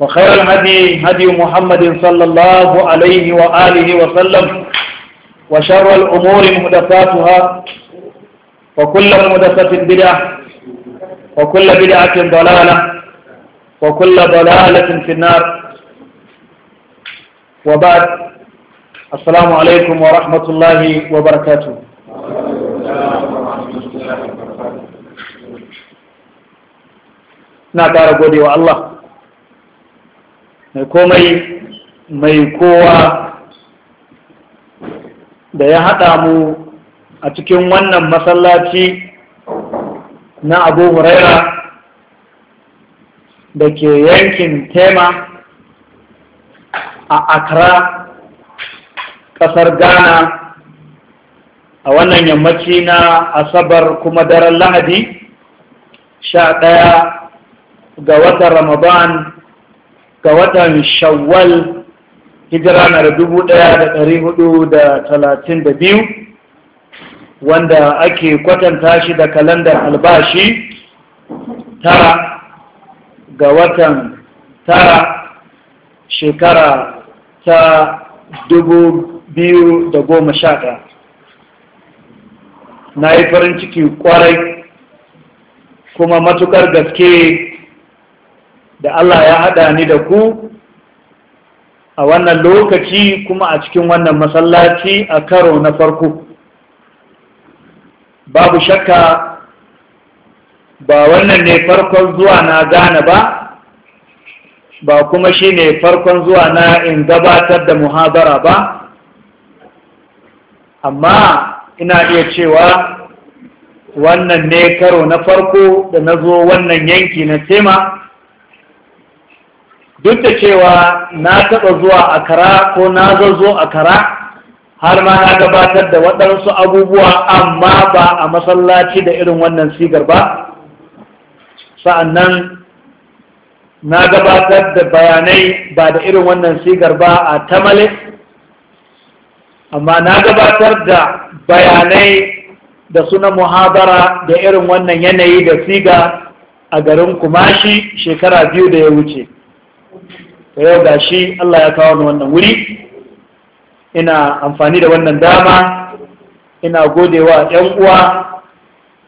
وخير الهدي هدي محمد صلى الله عليه وآله وسلم وشر الأمور محدثاتها وكل محدثة بدعة وكل بدعة ضلالة وكل ضلالة في النار وبعد السلام عليكم ورحمة الله وبركاته na ƙara gode wa Allah mai komai mai kowa da ya haɗa mu a cikin wannan masallaci na abu huraira da ke yankin tema a accra ƙasar ghana a wannan yammaci na asabar kuma daren lahadi sha ɗaya ga watan ramadan ga watan shawwal hijira na da dubu ɗaya da ɗari hudu da talatin da biyu wanda ake kwatanta shi da kalandar albashi tara ga watan tara shekara ta dubu biyu da goma sha ɗaya na yi farin ciki kwarai kuma matukar gaske da Allah ya haɗa ni da ku a wannan lokaci kuma a cikin wannan masallaci a karo na farko babu shakka ba wannan ne farkon zuwa na gane ba ba kuma shi ne farkon zuwa na in gabatar da muhabara ba amma ina iya cewa wannan ne karo na farko da na zo wannan yanki na tema duk da cewa na taɓa zuwa a kara ko na zazzo a kara har ma na gabatar da waɗansu abubuwa amma ba a masallaci da irin wannan sigar ba sa'annan na gabatar da bayanai ba da irin wannan sigar ba a tamale amma na gabatar da bayanai da suna muhabara da irin wannan yanayi da siga a garin kumashi shekara biyu da ya wuce to yau ga shi Allah ya kawo ni wannan wuri ina amfani da wannan dama ina godewa 'yan uwa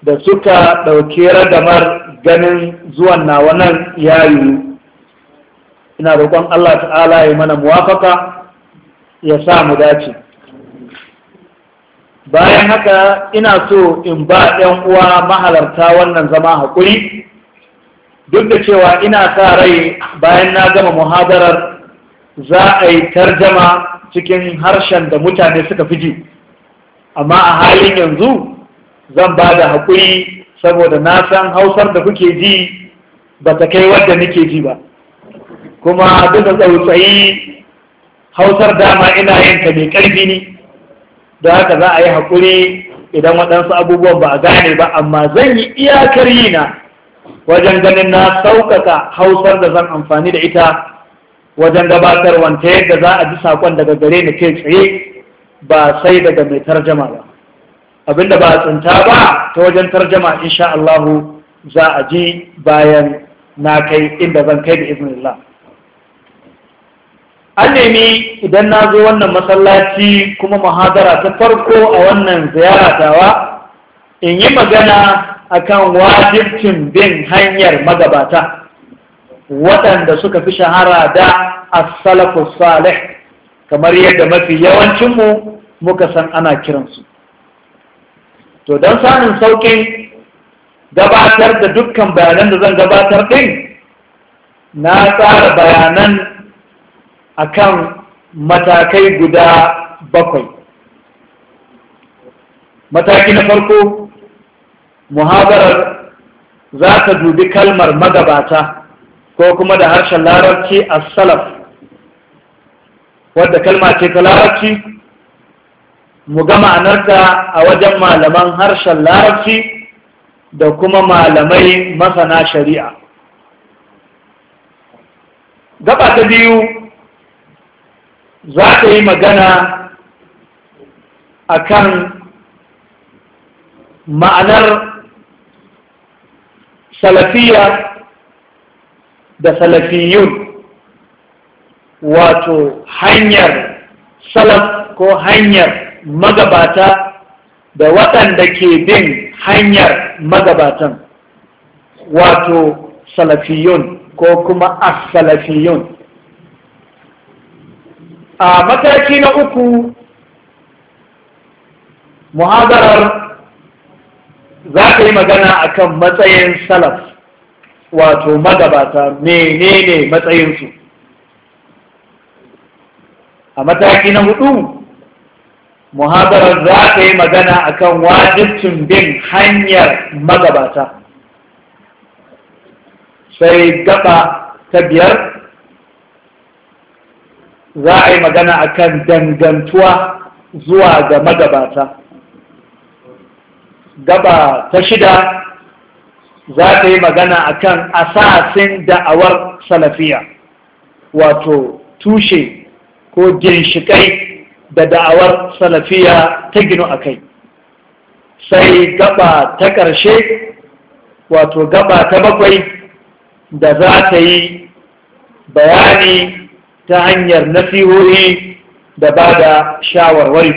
da suka ɗauki radamar ganin zuwan nawa nan yayi ina roƙon Allah ta'ala ya mana muwafaka ya sa mu dace bayan haka ina so in ba 'yan uwa mahalarta wannan zama haƙuri duk da cewa ina sa rai bayan na gama muhadarar za a yi tarjama cikin harshen da mutane suka fi ji amma a halin yanzu zan ba da haƙuri saboda na san hausar da kuke ji ba ta kai wadda nake ji ba kuma duk da tsautsayi hausar dama ina yin ta mai ƙarfi ne da haka za a yi haƙuri idan waɗansu abubuwan ba a gane ba amma zan yi iyakar yi na wajen ganin na sauƙaƙa hausar da zan amfani da ita wajen gabatar,wanta wanta yadda za a ji saƙon daga gare ni ke tsaye ba sai daga mai tarjama ba abinda ba a tsinta ba ta wajen tarjama insha Allahu za a ji bayan na kai inda zan kai da iznillah an nemi idan na zo wannan masallaci kuma muhadara ta farko a wannan ziyaratawa in yi magana akan wajibcin bin hanyar magabata waɗanda suka fi shahara da asalafu salih kamar yadda mafi yawancinmu muka san ana kiransu to don samun sauƙin gabatar da dukkan bayanan da zan gabatar ɗin na tsara bayanan akan matakai guda bakwai mataki na farko muhabarar za ka dubi kalmar magabata ko kuma da harshen larabci a salaf wadda kalma ce ta larabci mu ga ma'anarta a wajen malaman harshen larabci da kuma malamai masana shari'a gaba ta biyu za ta yi magana akan ma'anar salafiya da salafiyun wato hanyar salaf ko hanyar magabata da waɗanda ke bin hanyar magabatan wato salafiyun ko kuma as-salafiyun a mataki na uku muhadarar za ka yi magana a kan matsayin salaf wato magabata menene matsayinsu a mataki na hudu muhabarar za ka yi magana a kan wajibcin bin hanyar magabata sai gaba ta biyar za a yi magana a kan dangantuwa zuwa ga magabata gaba ta shida za ta yi magana a kan asasin da'awar salafiya wato tushe ko ginshikai da da'awar salafiya ta gino a kai sai gaba ta ƙarshe wato gaba ta bakwai da za ta yi bayani ta hanyar nasihohi da ba da shawarwari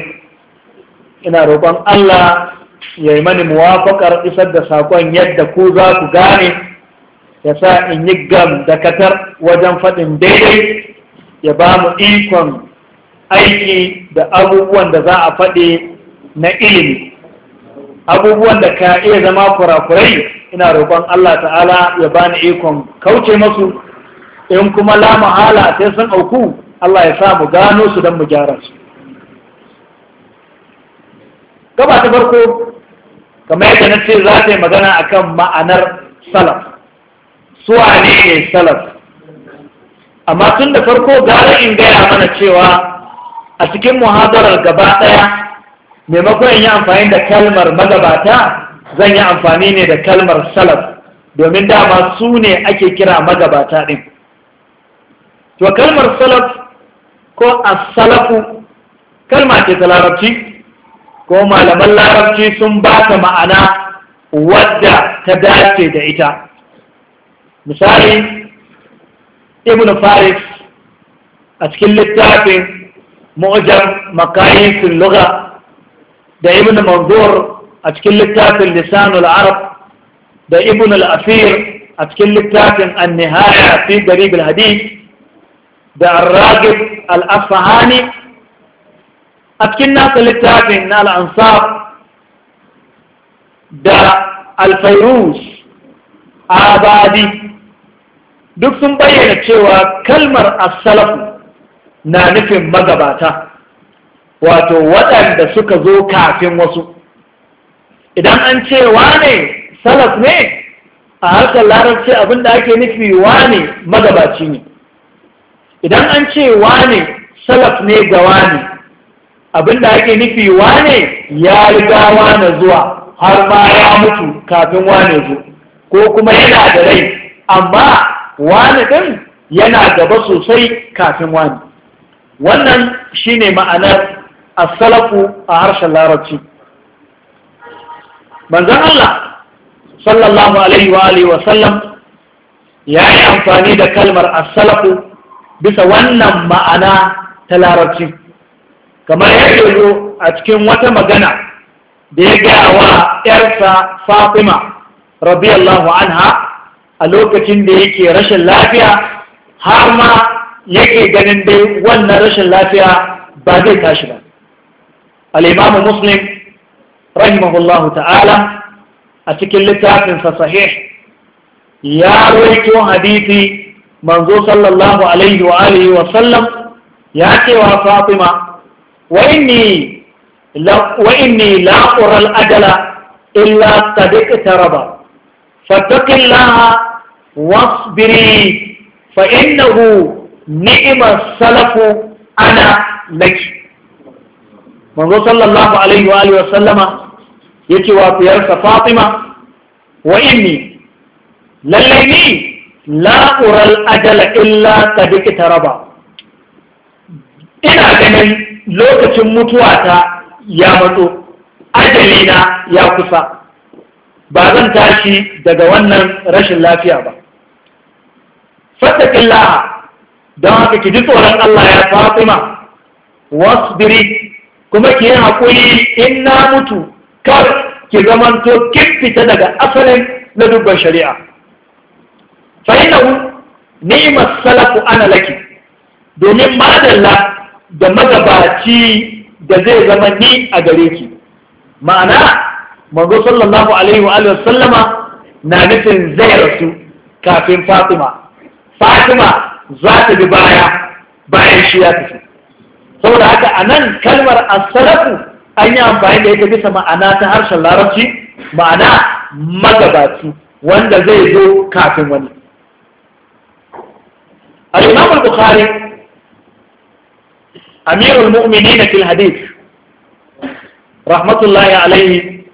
ina roƙon Allah ya yi mani muwafakar isar da sakon yadda ku za ku gane ya sa in yi gam da katar wajen faɗin daidai ya ba mu ikon aiki da abubuwan da za a faɗi na ilimi abubuwan da ka iya zama kurakurai ina roƙon Allah ta'ala ya bani ikon kauce masu in kuma la hala sai sun auku Allah ya sa mu gano su don mu gyara su gaba ta farko kamar yadda na ce za ta yi magana a kan ma'anar salaf su ne ne salaf amma tun da farko gara in gaya mana cewa a cikin muhadarar gaba ɗaya maimakon yi amfani da kalmar magabata zan yi amfani ne da kalmar salaf domin dama su ne ake kira magabata ɗin to kalmar salaf ko a salafu kalma ke ta larabci ko malaman larabci sun ba ta ma'ana wadda ta dace da ita misali ibn faris a cikin littafin mu'jam makayisin lugha da ibn manzur a cikin littafin lisanul arab da ibn al-asir a cikin littafin an-nihaya fi garib al-hadith da ar-ragib al-asfahani a cikin nasa littafin na al'ansaf da alfairus abadi duk sun bayyana cewa kalmar asalafu na nufin magabata wato waɗanda suka zo kafin wasu idan an ce wane salaf ne a harkar larabci abinda ake nufi wane magabaci ne idan an ce wane salaf ne ga wane abin da ake nufi wane ya riga wane zuwa har ma ya mutu kafin wane zo ko kuma yana da rai amma wane ɗin yana gaba sosai kafin wane wannan shine ma'anar asalafu a harshen larabci Banzan Allah sallallahu alaihi wa alihi wa sallam ya yi amfani da kalmar asalafu bisa wannan ma'ana ta larabci kamar ya yoyo a cikin wata magana da ya gaya wa ‘yarsa Fatima radiyallahu anha a lokacin da yake rashin lafiya har ma yake ganin dai wannan rashin lafiya ba zai tashi ba. al'imamu muslim rahimahullahu ta'ala a cikin littafinsa sahih ya roito hadisi manzo sallallahu alaihi wa sallam ya cewa Fatima وإني لا, وإني لا أرى الأجل إلا قد اقترب فاتق الله واصبري فإنه نعم السلف أنا لك منذ صلى الله عليه وآله وسلم يتي وفيرس فاطمة وإني لليني لا أرى الأجل إلا قد اقترب إلى جنين lokacin mutuwata ya matso ajalina ya kusa ba zan tashi daga wannan rashin lafiya ba fattakin laha don haka ki ji tsoron Allah ya fatima wasbiri kuma ki yi haƙuri in na mutu kar ki zamanto kin fita daga asalin na dubban shari'a fa'inahu ni'imar salafu ana laki domin madalla da magabaci da zai zama ni a gare ki ma'ana manzo sallallahu alaihi wa sallama na nufin zai rasu kafin fatima fatima za ta bi baya bayan shi ya tafi saboda haka a nan kalmar asalafu an yi amfani da ita bisa ma'ana ta harshen larabci ma'ana magabaci wanda zai zo kafin wani al-imam al-bukhari amirul mu'minin fil hadith rahmatullahi alaihi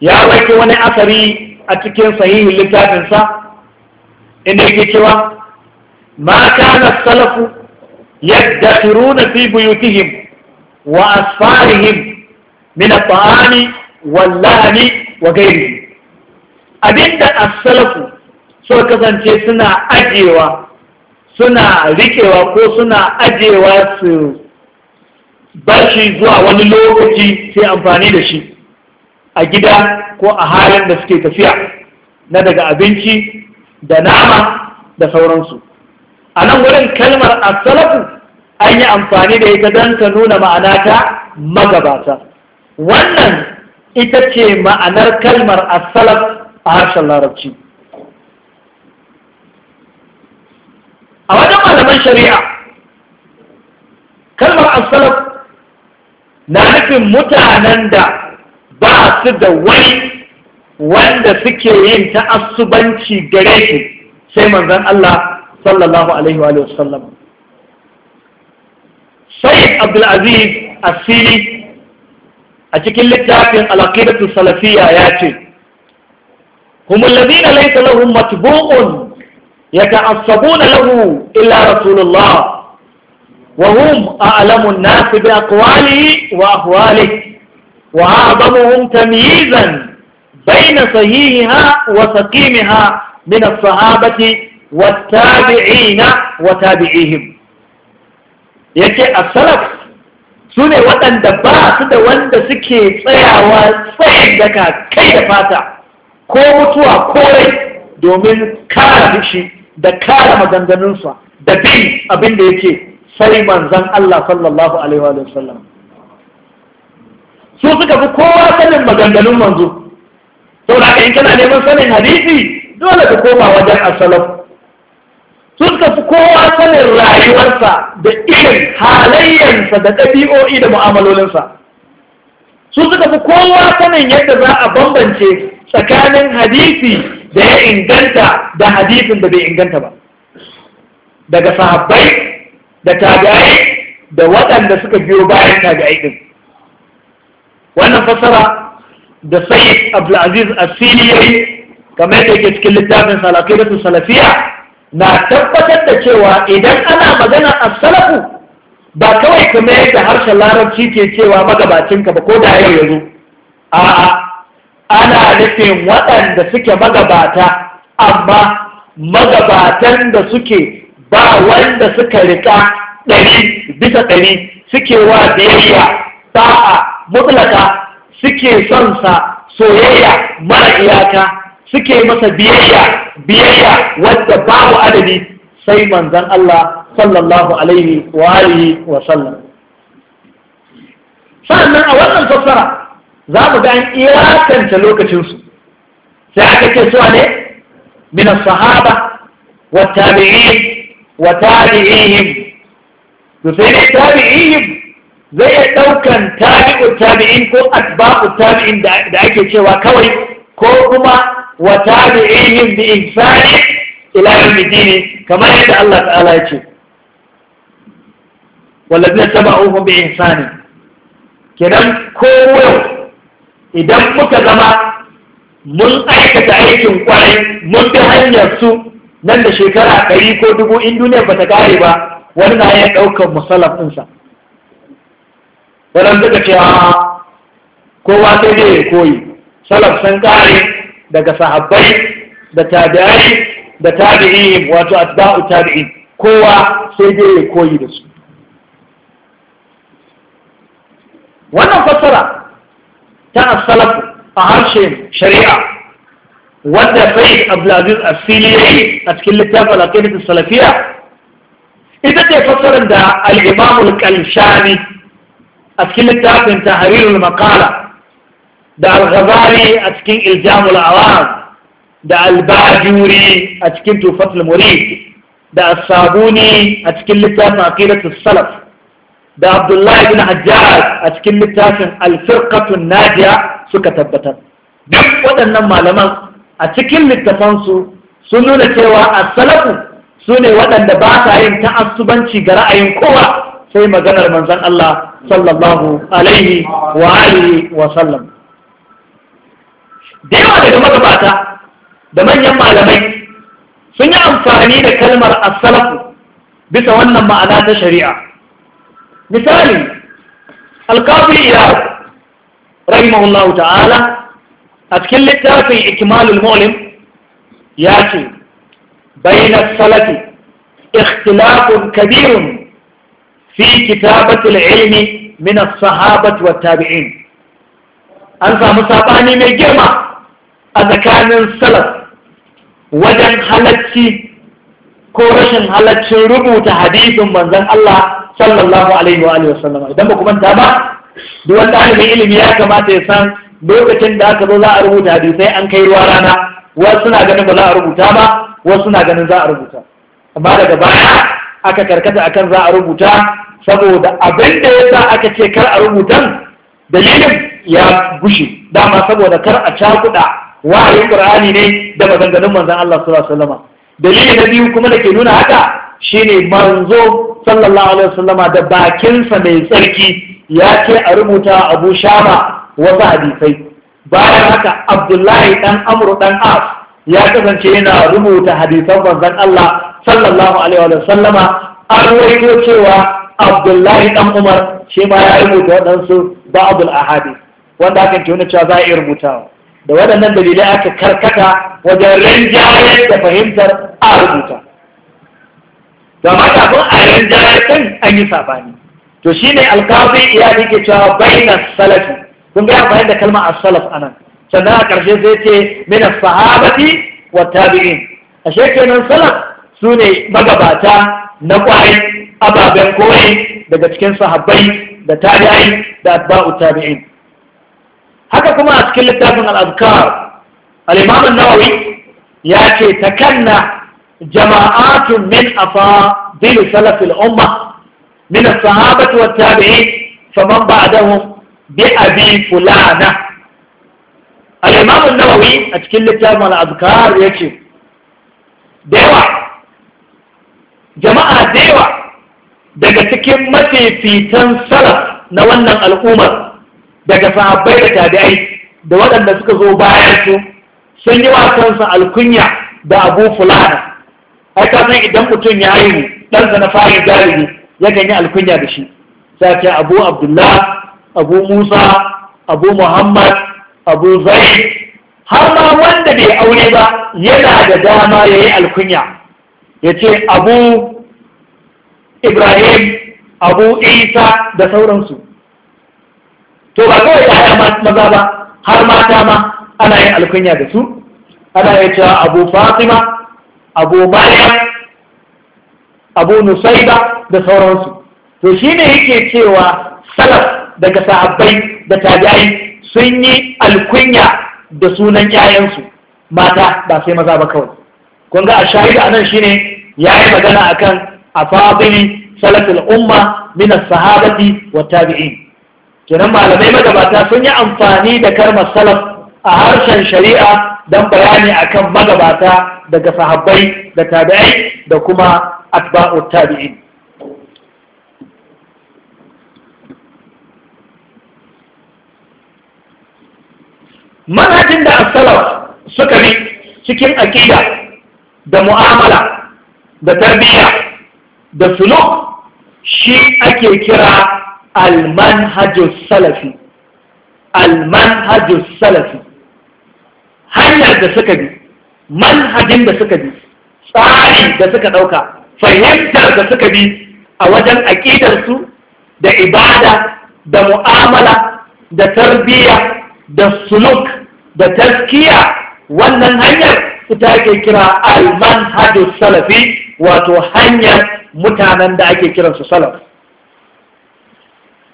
ya rawaito wani asari a cikin sahihin littafinsa inda yake cewa ma kana salafu yaddakhiruna fi buyutihim wa asfarihim min at-ta'ami wal wa ghayrihi abinda as-salafu so kasance suna ajewa suna rikewa ko suna ajewa su bashi zuwa wani lokaci sai amfani da shi a gida ko a halin da suke tafiya na daga abinci da nama da sauransu a nan wurin kalmar asalafu an yi amfani da ita don ta nuna ma'ana ta magabata wannan ita ce ma'anar kalmar asalaf a harshen larabci a wajen malaman shari'a kalmar asalaf na nufin mutanen da ba su da wani wanda suke yin ta'assubanci gare su sai manzon Allah sallallahu alaihi wa sallam Sayyid Abdulaziz Asiri a cikin littafin Al-Aqidatu ya ce, kuma ladina laysa lahum matbu'un يتعصبون له إلا رسول الله وهم أعلم الناس بأقواله وأهواله وأعظمهم تمييزا بين صحيحها وسقيمها من الصحابة والتابعين وتابعيهم يكي السلف سنه وطن ne waɗanda ba سكي da wanda دكا tsayawa tsayin daga kai da fata ko mutuwa da kare maganganunsa da bi abin da yake sai manzan Allah sallallahu alaihi wa sallam su suka fi kowa sanin maganganun manzo sau da in kana neman sanin hadisi dole ka koma wajen asalaf su suka fi kowa sanin rayuwarsa da irin halayyarsa da ɗabi'o'i da mu'amalolinsa su suka fi kowa sanin yadda za a bambance tsakanin hadisi da ya inganta da hadisin da bai inganta ba daga sahabbai da tagaye da waɗanda suka biyo bayan tabi'ai din wannan fassara da sayyid abdulaziz asili yayi kamar da yake cikin littafin salafiyatu salafiya na tabbatar da cewa idan ana magana a salafu ba kawai kuma yadda harshen larabci ke cewa magabacinka ba ko da yau ya zo a'a ana nufin waɗanda suke magabata amma magabatan da suke ba wanda suka rika ɗari bisa ɗari suke wa biyayya a mutlaka suke son sa soyayya mara iyaka suke masa biyayya biyayya wadda babu adadi sai manzon Allah sallallahu alaihi wa wa sallam sannan a wannan fassara za mu ga an iyakanta lokacinsu sai aka ce suwa ne min sahaba wa tabi'in wa tabi'ihim to sai ne tabi'ihim zai iya ɗaukan tabi'u tabi'in ko atba'u tabi'in da ake cewa kawai ko kuma wa tabi'ihim bi insani ila yawmiddin kamar yadda Allah ta'ala ya ce wallazina taba'uhum bi insani kenan ko yau idan muka zama mun aikata aikin kwarai mun fi hanyar su nan da shekara ɗari ko dubu in duniya ba ta kare ba wani na ya ɗaukar musalaf ɗinsa wadanda suka ce kowa sai dai ya koyi salaf sun kare daga sahabbai da tabi'ai da tabi'in wato atba'u tabi'in kowa sai dai ya koyi da su wannan fassara كان السلف أهم شريعة وده فيه أبو العزيز السيلي أتكلم التابع لكلمة السلفية إذا تفصل عند الإمام الكلشاني أتكلم التابع من تحرير المقالة ده الغزالي أتكلم إلجام الأعوام ده الباجوري أتكلم توفة المريد ده الصابوني أتكلم التابع عقيدة السلف da abdullahi bin hajjaj a cikin littafin alfirkatun najiya suka tabbatar duk waɗannan malaman a cikin littafansu sun nuna cewa a salafu su ne waɗanda ba sa yin ta'assubanci ga ra'ayin kowa sai maganar manzon Allah sallallahu alaihi wa alihi wa sallam da yawa daga magabata da manyan malamai sun yi amfani da kalmar asalafu bisa wannan ma'ana ta shari'a مثال القاضي إياد رحمه الله تعالى أتكلت في إكمال المؤلم ياتي بين الصلاة اختلاف كبير في كتابة العلم من الصحابة والتابعين أنت مصابعني من جمع أذا كان الصلاة وجن حلتي كورشن حلتي ربو حديث من ذن الله sallallahu alaihi wa alihi wasallam idan ba ku manta ba duk wanda ɗalibin ilimi ya kamata ya san lokacin da aka zo za a rubuta hadisai an kai ruwa rana wasu suna ganin ba za a rubuta ba wasu suna ganin za a rubuta amma daga baya aka karkata akan za a rubuta saboda abin da ya sa aka ce kar a rubutan dalilin ya gushe dama saboda kar a cakuɗa wa'ayin qur'ani ne da maganganun manzon Allah sallallahu alaihi wasallam dalili na biyu kuma da ke nuna haka shine manzo sallallahu alaihi wasallama da bakinsa mai tsarki ya ce a rubuta abu shama wasu hadisai bayan haka abdullahi dan amru dan as ya kasance yana rubuta hadisan manzon Allah sallallahu alaihi wa sallama an rawaito cewa abdullahi dan umar shi ma ya rubuta waɗansu ba'dul ahadi wanda aka ke cewa za a iya rubutawa da waɗannan dalilai aka karkata wajen rinjaye da fahimtar a rubuta kama kafin a rinjayar kan an yi sabani to shi ne alkafi ya rike cewa baina salafi kun ga bayan da kalma as-salaf anan sannan a ƙarshe zai ce "Mina sahabati wa tabi'in ashe kenan salaf su ne magabata na kwarai ababen koyi daga cikin sahabbai da tabi'ai da atba'u tabi'in haka kuma a cikin littafin al-azkar al-imam an-nawawi ya ce takanna jama'atun min afadil salaf al-umma min as-sahabati wat-tabi'in faman ba'dahum bi abi fulana al-imam an-nawawi a cikin littafin al-azkar yace da yawa jama'a da daga cikin mafifitan salaf na wannan al'ummar daga sahabbai da tabi'ai da waɗanda suka zo bayan su sun yi wasansa alkunya da abu fulana ai ka san idan mutum ya yi ɗansa na fari galibi ya yi alkunya da shi sai abu abdullah abu musa abu muhammad abu zai har ma wanda bai aure ba yana da dama ya yi alkunya ya ce abu ibrahim abu isa da sauransu to ba kawai yaya maza ba har mata ma ana yin alkunya da su ana yi cewa abu fatima abu mariya abu nusaiba da sauransu to shi ne yake cewa salaf daga sahabbai da tabi'ai sun yi alkunya da sunan 'ya'yansu mata ba sai maza ba kawai kun ga a shahida anan shine ya yi magana akan afadili salafin umma min sahabati wa tabi'in kenan malamai magabata sun yi amfani da kalmar salaf a harshen shari'a don bayani akan magabata daga sahabbai da tabi'ai da kuma atba'u tabi'in manhajin da asalaf suka bi cikin aƙida da mu'amala da tarbiyya da suluk shi ake kira almanhajus salafi almanhajus salafi hanyar da suka bi manhajin da suka bi tsari da suka ɗauka fahimtar da suka bi a wajen aƙidarsu da ibada da mu'amala da tarbiyya da suluk da taskiya wannan hanyar ita ake kira almanhajus salafi wato hanyar mutanen da ake kiransu salaf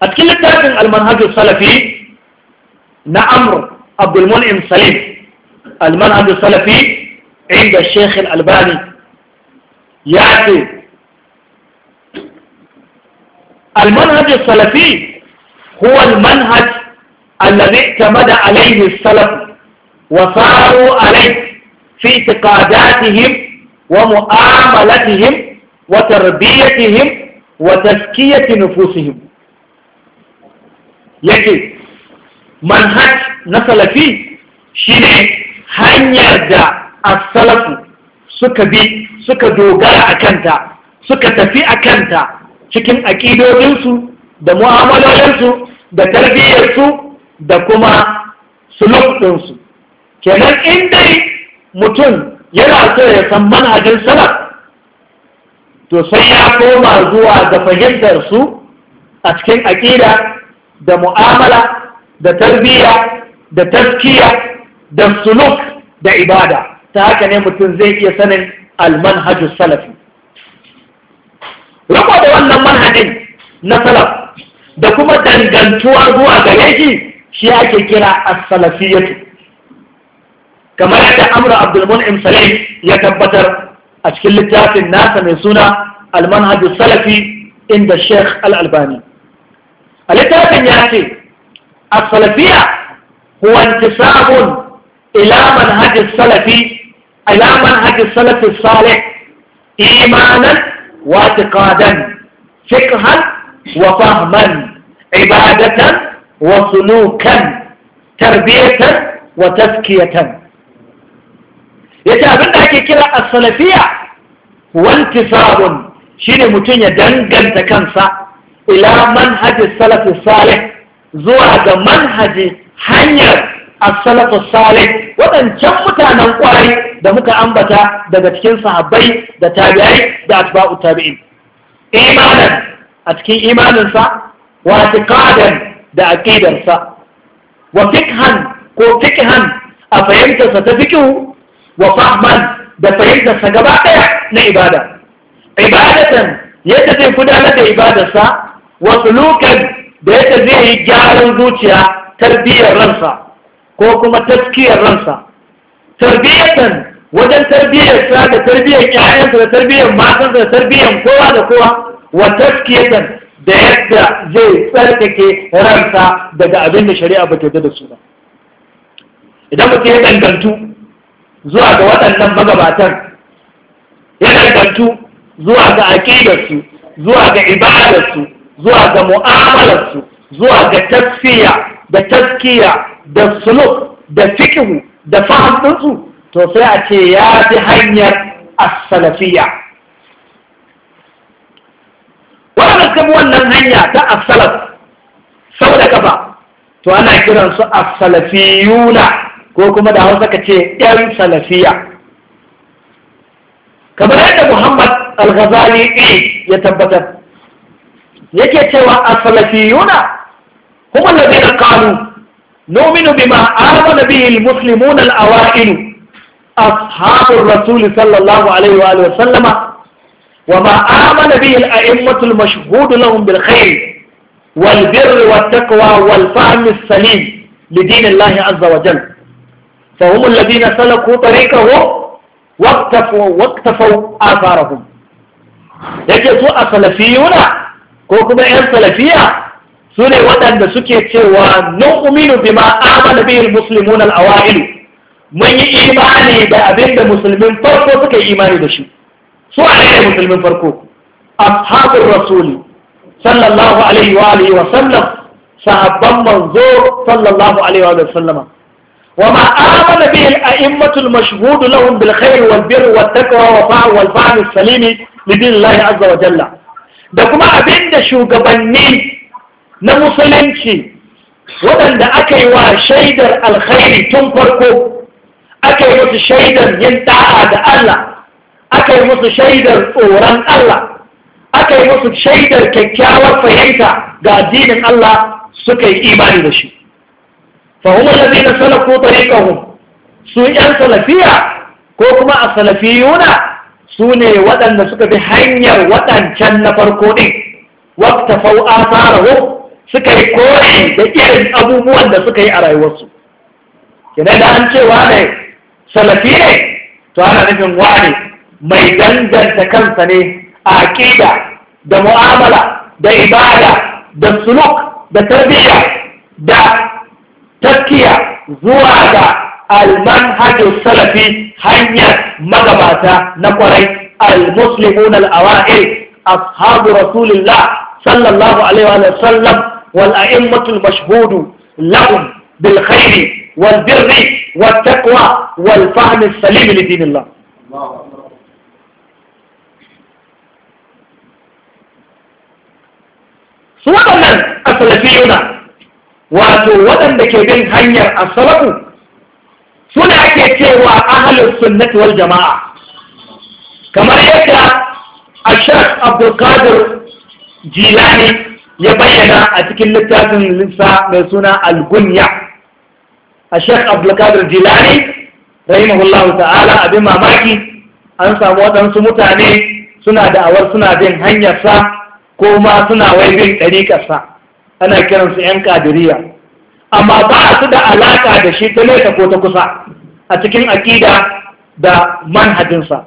a cikin littafin almanhajus salafi na Amur, abdulmun'im salim المنهج السلفي عند الشيخ الألباني يعني المنهج السلفي هو المنهج الذي اعتمد عليه السلف وصاروا عليه في اعتقاداتهم ومؤاملتهم وتربيتهم وتزكية نفوسهم يجب منهج نسل فيه شيء hanyar da asalafu suka bi suka dogara a kanta suka tafi a kanta cikin aƙidodinsu da mu'amalolinsu da tarbiyyarsu da kuma sulukunsu ɗinsu kenan in dai mutum yana so ya san manhajin salaf to sai ya koma zuwa ga fahimtarsu a cikin aƙida da mu'amala da tarbiyya da taskiya da suluk da ibada ta haka ne mutum zai iya sanin almanhajus salafi riko da wannan manhajin na salaf da kuma dangantuwa zuwa gare shi shi ake kira as-salafiyatu kamar yadda amra abdul mun'im salih ya tabbatar a cikin littafin nasa mai suna almanhajus salafi inda sheikh al-albani a littafin ya ce as-salafiya huwa intisabun ila manhajis salafi ilaman manhajis salafi salih imanan wa tiqadan fikhan wa fahman ibadatan wa sunukan tarbiyatan wa taskiyatan ya ce da ake kira wanti sabon shi shine mutum ya danganta kansa ila manhajin salafi salih zuwa ga manhaji hanyar as-salatu salih wadancan mutanen kwarai da muka ambata daga cikin sahabbai da tabi'ai da asba'u tabi'in imanan a cikin imaninsa wa tiqadan da sa wa fiqhan ko fiqhan a fahimtarsa ta fiqhu wa fahman da fahimtarsa gaba daya na ibada ibadatan yadda zai gudanar da ibadarsa wa sulukan da yadda zai yi gyaran zuciya tarbiyyar ransa ko kuma tafkiyar ransa tarbiyyatan wajen tarbiyyar sa da tarbiyyar ƴaƴansa da tarbiyyar matansa da tarbiyyar kowa da kowa wa tafkiyatan da yadda zai tsarkake ransa daga abin da shari'a ba ta da su ba idan mutum ya dangantu zuwa ga waɗannan magabatan ya dangantu zuwa ga aƙidarsu zuwa ga ibadarsu zuwa ga mu'amalarsu zuwa ga tafiya da taskiya da suluk da fikihu da fahimtinsu to sai a ce ya fi hanyar asalafiya waɗanda suka wannan hanya ta asalaf sau da kafa to ana kiransu asalafiyuna ko kuma da hausa ka ce ‘yan salafiya kamar yadda muhammad al-ghazali ya tabbatar yake cewa asalafiyuna kuma da zai نؤمن بما آمن به المسلمون الأوائل أصحاب الرسول صلى الله عليه وآله وسلم وما آمن به الأئمة المشهود لهم بالخير والبر والتقوى والفهم السليم لدين الله عز وجل فهم الذين سلكوا طريقه واقتفوا, واقتفوا آثارهم يجدوا أسلفيون كوكب سلفية su ne waɗanda suke cewa nun uminu bima amana bihil muslimun al-awailu mun yi imani da abin da musulmin farko suka yi imani da shi su a ne musulmin farko ashabul rasuli sallallahu alaihi wa alihi wa sallam sahabban manzo sallallahu alaihi wa wa sallama wa وما آمن به الأئمة المشهود لهم بالخير والبر والتقوى والفعل السليم لدين الله عز وجل da kuma abin da shugabanni na musulunci waɗanda aka yi wa shaidar alkhairi tun farko aka yi musu shaidar yin da'a da Allah aka yi musu shaidar tsoron Allah aka yi musu shaidar kyakkyawar fahimta ga addinin Allah suka yi imani da shi fahimar da zai na salaku tariƙahun su ‘yan salafiya ko kuma a salafiyuna su ne waɗanda suka bi hanyar waɗancan na farko ɗin wakta fau'a tsara suka yi koyi da irin abubuwan da suka yi a rayuwarsu kina da an cewa ne salafi ne to ana nufin wani mai danganta kansa ne a aƙida da mu'amala da ibada da suluk da tarbiyya da tafkiya zuwa ga almanhajin salafi hanyar magabata na kwarai al-muslimun al ashabu rasulillah sallallahu alaihi wa sallam والأئمة المشهود لهم بالخير والبر والتقوى والفهم السليم لدين الله سواء من السلفيون واتوا ودن بكبير هنير السلف سنة كتوى أهل السنة والجماعة كما يكرا الشيخ عبد القادر جيلاني ya bayyana a cikin littafin lissa mai suna al-gunya a shek abdulkadir jilani rahimahullahu ta'ala abin mamaki an samu waɗansu mutane suna da'awar suna bin hanyarsa ko ma suna wai bin ɗariƙarsa ana kiransu 'yan ƙadiriya amma ba su da alaƙa da shi ta nesa ko ta kusa a cikin aƙida da manhajinsa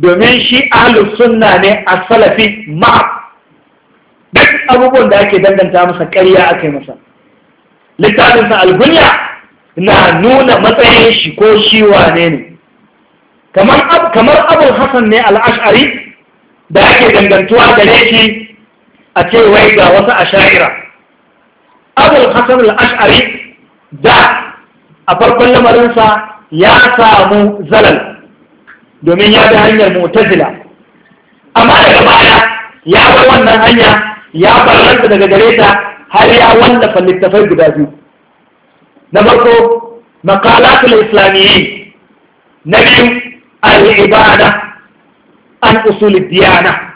domin shi ahlus sunna ne a salafi ma'a duk abubuwan da ake danganta masa ƙarya aka yi masa littafinsa algunya na nuna matsayin shi ko shi wane ne kamar abul hassan ne al'ashari da ake dangantuwa gare shi a ce wai ga wasu asha'ira abul hassan al'ashari da a farkon lamarinsa ya samu zalal domin ya bi hanyar mutazila amma daga baya ya bar wannan hanya ya barranta daga gare ta har ya wallafa littafai guda biyu na farko maqalatul islamiyyin na biyu al-ibada an usulid diyana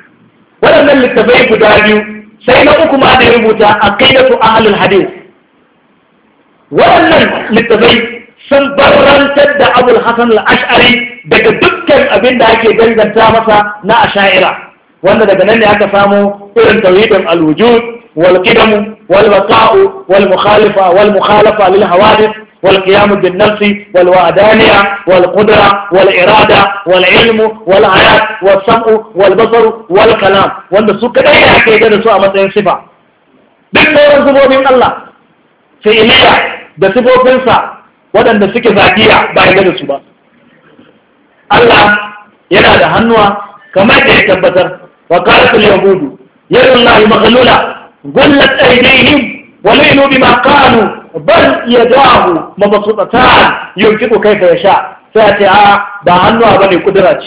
waɗannan littafai guda biyu sai na uku ma da ya rubuta aqidatu ahlul hadith waɗannan littafai sun barrantar da abul hasan al-ash'ari daga dukkan abin da ake danganta masa na asha'ira wanda daga nan ne aka samo irin tawhidin al-wujud wal qidam wal waqa'u wal mukhalifa wal mukhalafa lil hawadith wal qiyam bin nafs wal wa'daniya wal qudra wal irada wal ilm wal ayat wal wal basar wal kalam wanda su kadai ake da su a matsayin sifa duk sauran zubobin Allah sai ilaya da sifofinsa waɗanda suke zagiya ba ya gane su ba Allah yana da hannuwa kamar da ya tabbatar وقالت اليهود يد الله مغلولة غلت أيديهم ولعنوا بما قالوا بل يداه مبسوطتان ينفق كيف يشاء فاتعا بعنوا بني قدرات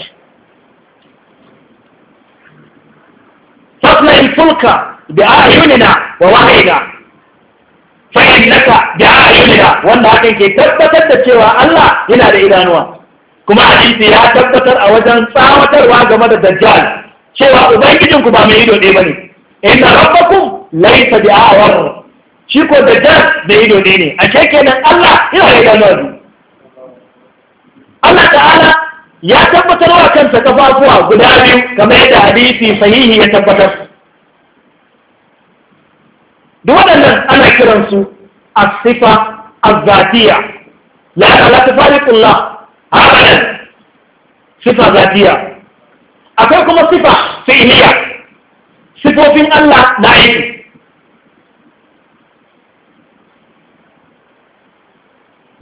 فاصنع الفلك بأعيننا ووحينا فإنك بأعيننا وأن هكذا تثبتت cewa Allah yana da idanuwa kuma hadisi ya tabbatar a wajen tsawatarwa game da dajjal cewa ubangijin ku ba mai ido ɗaya bane inna rabbakum laysa bi'awar shi ko da jan da ido ɗaya ne a kenan Allah yana da abu Allah ta'ala ya tabbatar wa kansa ta kafafuwa guda biyu kamar yadda hadisi sahihi ya tabbatar duk waɗannan ana kiransu su sifa az-zatiyya la la tafariqullah abadan sifa zatiyya akwai kuma sifa fi'iliya sifofin Allah na aiki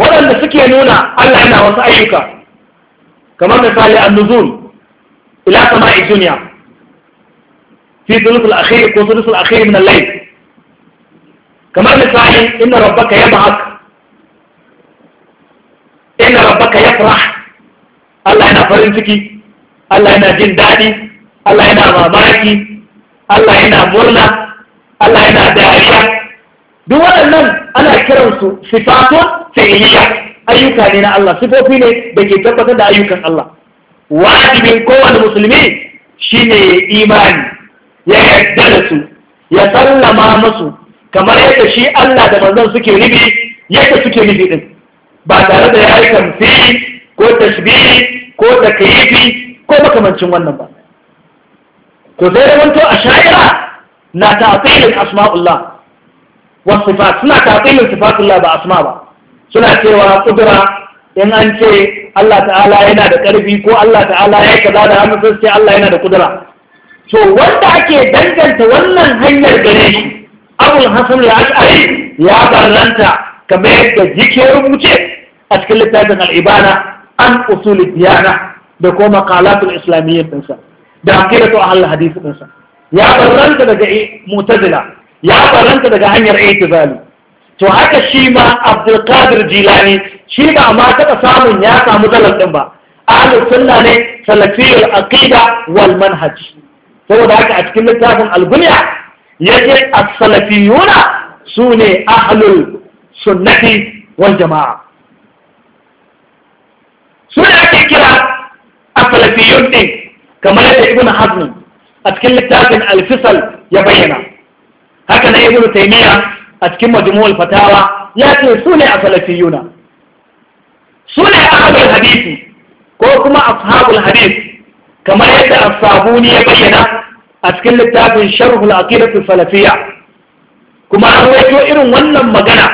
waɗanda suke nuna Allah yana wasu ayyuka kamar misali an-nuzul ila sama'i duniya fi thuluth al-akhir ko thuluth al-akhir min al-layl kamar misali inna rabbaka yadhak inna rabbaka yafrah Allah yana farin ciki Allah yana jin daɗi Allah yana mamaki Allah yana murna Allah yana dariya duk waɗannan ana kiransu sifatun fi'liya ayyuka ne na Allah sifofi ne da ke tabbatar da ayyukan Allah wajibin kowane musulmi shine imani ya yarda da su ya sallama masu kamar yadda shi Allah da manzon suke nufi yadda suke nufi din ba tare da ya yi kamfi ko tashbihi ko takyifi ko makamancin wannan ba to zai da wanto a sha'ira na ta'atilin asma'ullah wa sifat suna ta'atilin sifatullah ba asma ba suna cewa kudura in an ce Allah ta'ala yana da ƙarfi ko Allah ta'ala ya kaza da hannu sun ce Allah yana da kudura to wanda ake danganta wannan hanyar gare shi abul hasan ya ashari ya barranta kamar yadda jike wuce a cikin littafin al'ibana an usul diyana da kuma islamiyya islamiyyah dinsa da aqidatu ahlul hadith dinsa ya barranta daga mu'tazila ya barranta daga hanyar i'tizali to haka shi ma Abdul Qadir Jilani shi ba ma taɓa samun ya samu zalal din ba ahlus sunna ne salafiyul aqida wal manhaj saboda haka a cikin littafin al ya je as-salafiyuna sune ahlul sunnati wal jama'a sune ake kira salafiyun ɗin kamar yadda ibn hazm a cikin littafin alfisal ya bayyana haka na ibn taimiya a cikin majmu'ul fatawa ya ce su ne a salafiyuna su ne ahlul hadisi ko kuma ashabul hadis kamar yadda as-sabuni ya bayyana a cikin littafin sharhul aqidatu salafiyya kuma an wato irin wannan magana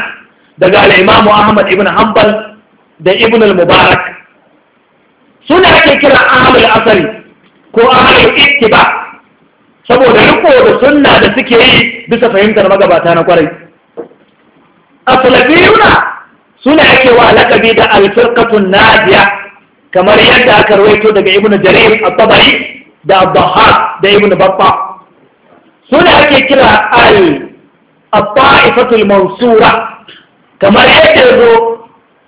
daga al-imam Ahmad ibn Hanbal da ibn al-Mubarak suna ake kira ahlul asali ko ahlul ittiba saboda riko da sunna da suke yi bisa fahimtar magabata na kwarai asalabiyuna suna ake wa lakabi da alfirqatun nadiya kamar yadda aka rawaito daga ibnu jarir at-tabari da abdahar da ibnu babba suna ake kira al at-ta'ifatul mansura kamar yadda zo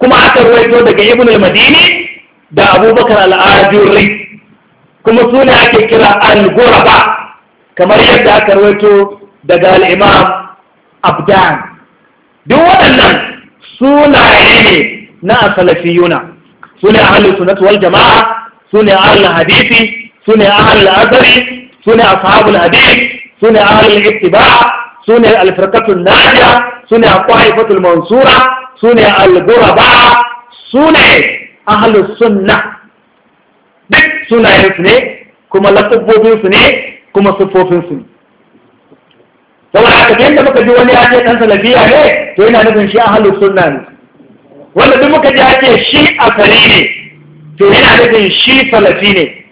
kuma aka rawaito daga ibnu al-madini da abubakar al'ajuri kuma su ake kira al-guraba kamar yadda aka rawaito daga al'imam abdan duk waɗannan sunaye ne na asalafiyuna Sune ne ahalin sunatu jama'a su ne ahalin hadisi su ahalin azari su ashabul hadis su ne ahalin ittiba su ne alfarkatun najiya su ne mansura Sune ne al-guraba su ahlus sunna duk su ne kuma su ne kuma su ne saboda haka da yadda muka ji wani ya ce ɗan salafiya ne to yana nufin shi ahlus sunna ne wanda duk muka ji ya ce shi asali ne to yana nufin shi salafi ne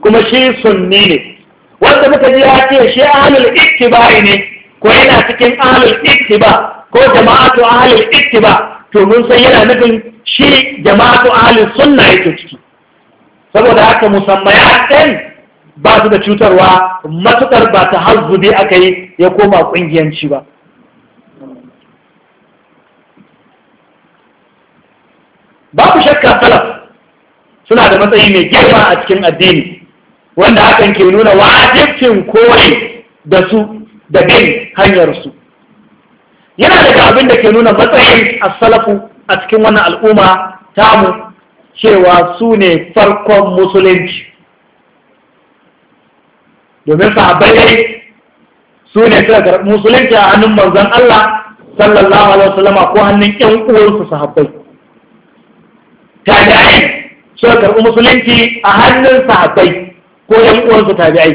kuma shi sunni ne wanda muka ji ya ce shi ahlul ittiba'i ne ko yana cikin ahlul ittiba ko jama'atu ahlul ittiba to mun san yana nufin shi jama'atu ahlus sunna yake ciki saboda haka musamman ɗin ba su da cutarwa matukar ba ta hazzubi aka ya koma ƙungiyanci ba Ba ku shakka salaf suna da matsayi mai girma a cikin addini wanda hakan ke nuna wajibcin koyi da su da bin hanyarsu yana daga abin da ke nuna matsayin asalafu a cikin wannan al'umma tamu cewa su ne farkon musulunci domin sahabbai su ne suka karɓi musulunci a hannun manzon Allah sallallahu alaihi wasallama ko hannun ƴan uwansu sahabbai tabi'ai suka karɓi musulunci a hannun sahabbai ko ƴan uwansu tabi'ai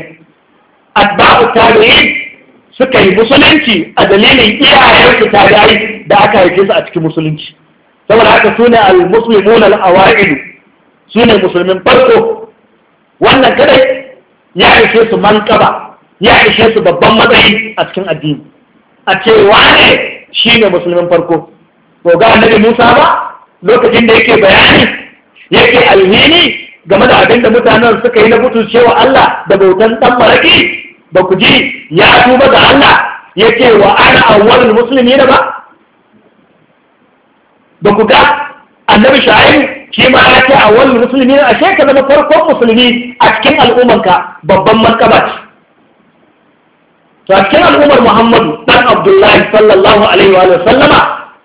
atba'u tabi'in suka yi musulunci a dalilin iyayensu ta gari da aka haife su a cikin musulunci saboda haka su ne al-muslimun al-awailu su ne musulmin farko wannan kadai ya ishe su mankaba ya ishe su babban matsayi a cikin addini a ce wane shi ne musulmin farko to ga annabi Musa ba lokacin da yake bayani yake alhini game da abinda mutanen suka yi na wa Allah da bautan dan maraki ba ku ji ya tuba ga Allah ya ce wa ana awwalul musulmi na ba ba ku ga annabi sha'iru shi ma ya ce awwalul musulmi na ashe ka zama farkon musulmi a cikin ka babban markaba ce to a cikin al'ummar Muhammadu dan Abdullahi sallallahu alaihi wa sallama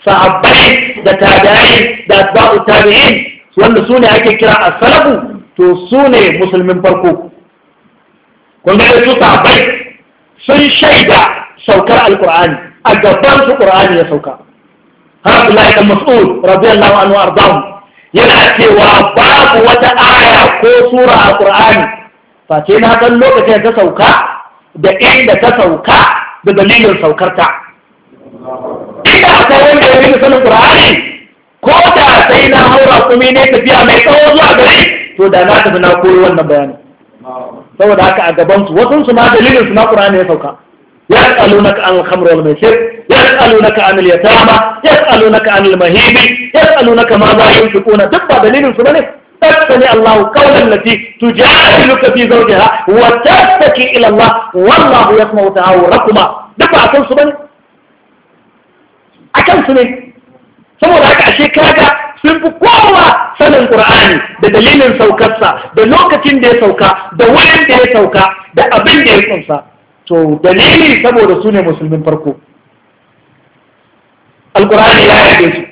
sahabbai da tabi'in da atba'u tabi'in wanda su ne ake kira as-salafu to su ne musulmin farko kun ga su sahabbai sun shaida saukar alqur'ani a gaban su qur'ani ya sauka har Abdullahi dan Mas'ud radiyallahu anhu ardahu yana cewa babu wata aya ko sura a qur'ani face na kan lokacin ta sauka da inda ta sauka da dalilin saukarta inda akwai wanda ya yi sanin qur'ani ko da sai na haura kuma ne tafiya mai tsawo zuwa gari to da na tafi na koyo wannan bayanin saboda haka a gaban su wasu su ma dalilin su na Qur'ani ya sauka yas'alunaka anil khamr wal maisir an anil yatama yas'alunaka anil mahib yas'alunaka ma za yunfiquna duk ba dalilin su bane تستمع الله قول التي تجادلك في Allah? Wallahu الى الله والله يسمع تهاوركما دبا اكن سبن su ne saboda haka ashe kaga sun fi kowa sanin qur'ani da dalilin saukarsa da lokacin da ya sauka da wurin da ya sauka da abin da ya kunsa to dalili saboda su ne musulmin farko alqur'ani ya yabe su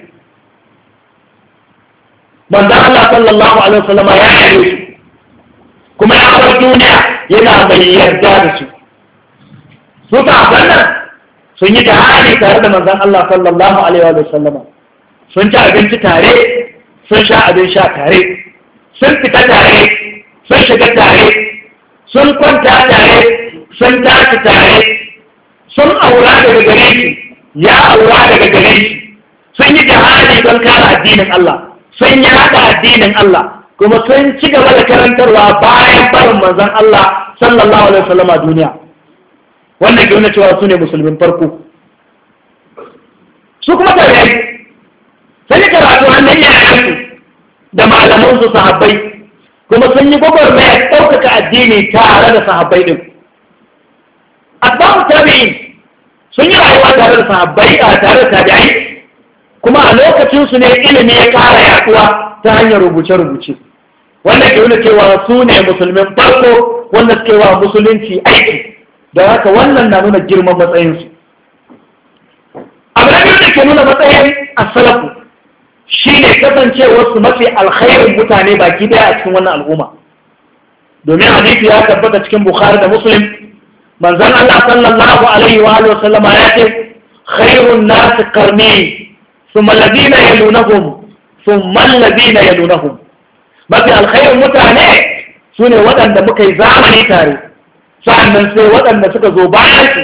manzo Allah sallallahu alaihi wasallam ya yabe su kuma ya bar duniya yana mai yarda da su su ta nan sun yi jihadi tare da manzon Allah sallallahu alaihi wasallama sun ci abinci tare sun sha abin sha tare sun fita tare sun shiga tare sun kwanta tare sun tashi tare sun aura daga gare shi ya aura daga gare shi sun yi jihadi don kare addinin Allah sun yi haɗa addinin Allah kuma sun ci gaba da karantarwa bayan barin manzon Allah sallallahu alaihi wasallam a duniya wannan ke nuna cewa su ne musulmin farko su kuma tare shugabannin yaransu da malamansu sahabbai kuma sun yi gwagwarmaya ɗaukaka addini tare da sahabbai ɗin Asbabu tabi'in sun yi rayuwa tare da sahabbai a tare da tabi'ai kuma a lokacinsu ne ilimi ya ƙara yaduwa ta hanyar rubuce-rubuce wannan ke nuna cewa su ne musulmin farko wanda suke wa musulunci aiki da haka wannan na nuna girman matsayinsu abu da ke nuna matsayin asalafu shi ne kasancewarsu mafi alkhairin mutane baki daya a cikin wannan al'umma domin hadisi ya tabbata cikin bukhari da muslim manzon Allah sallallahu alaihi wa alihi wasallama ya ce khairun nas qarni thumma alladhina yalunhum thumma alladhina yalunhum mafi alkhairin mutane sune waɗanda muka yi zamani tare sa'annan sai waɗanda suka zo bayan su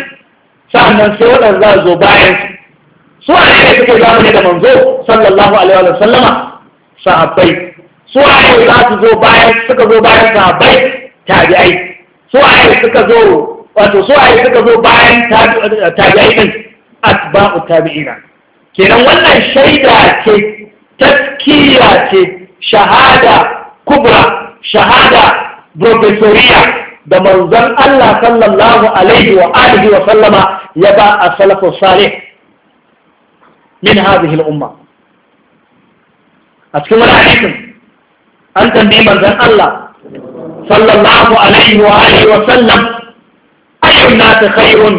sa'annan sai waɗanda za zo bayan su su ne suke zamani da manzo sallallahu alaihi wa sallama sahabbai su ne za su zo bayan suka zo bayan sahabbai tabi'ai su ne suka zo wato su ne suka zo bayan tabi'ai din asba'u tabi'ina kenan wannan shaida ce taskiya ce shahada kubra shahada professoriya da manzon Allah sallallahu alaihi wa alihi wa sallama ya ba a salafus salih min hadhihi al-umma a cikin wani hadisin an tambayi manzon Allah sallallahu alaihi wa alihi wa sallam ayyun nas khairun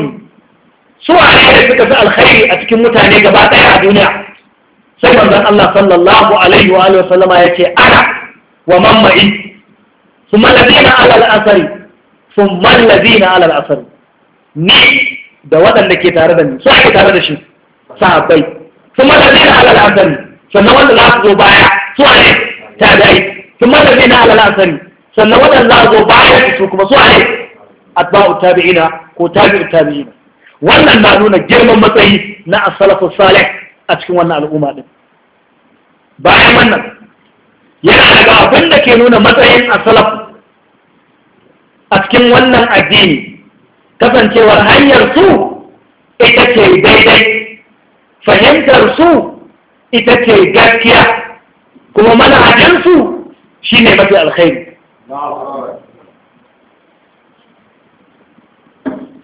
su ne suka fi alkhairi a cikin mutane gaba daya a duniya sai manzon Allah sallallahu alaihi wa alihi wa sallama yace ana wa man ma'i ثم الذين على الأثر ثم الذين على الأثر ni da waɗanda ke tare da ni su ake tare da shi sahabbai ثم الذين على الأثم sannan wanda za su zo baya su ثم الذين على الأثم sannan wanda za su zo baya su kuma su ne atba'u tabi'ina ko tabi'u tabi'ina wannan na nuna girman matsayi na as-salafu a cikin wannan al'umma din bayan wannan yana daga abin da ke nuna matsayin a cikin wannan addini kasancewar hanyar su ita ce daidai fahimtar su ita ce gaskiya kuma manhajar su shine mafi alkhairi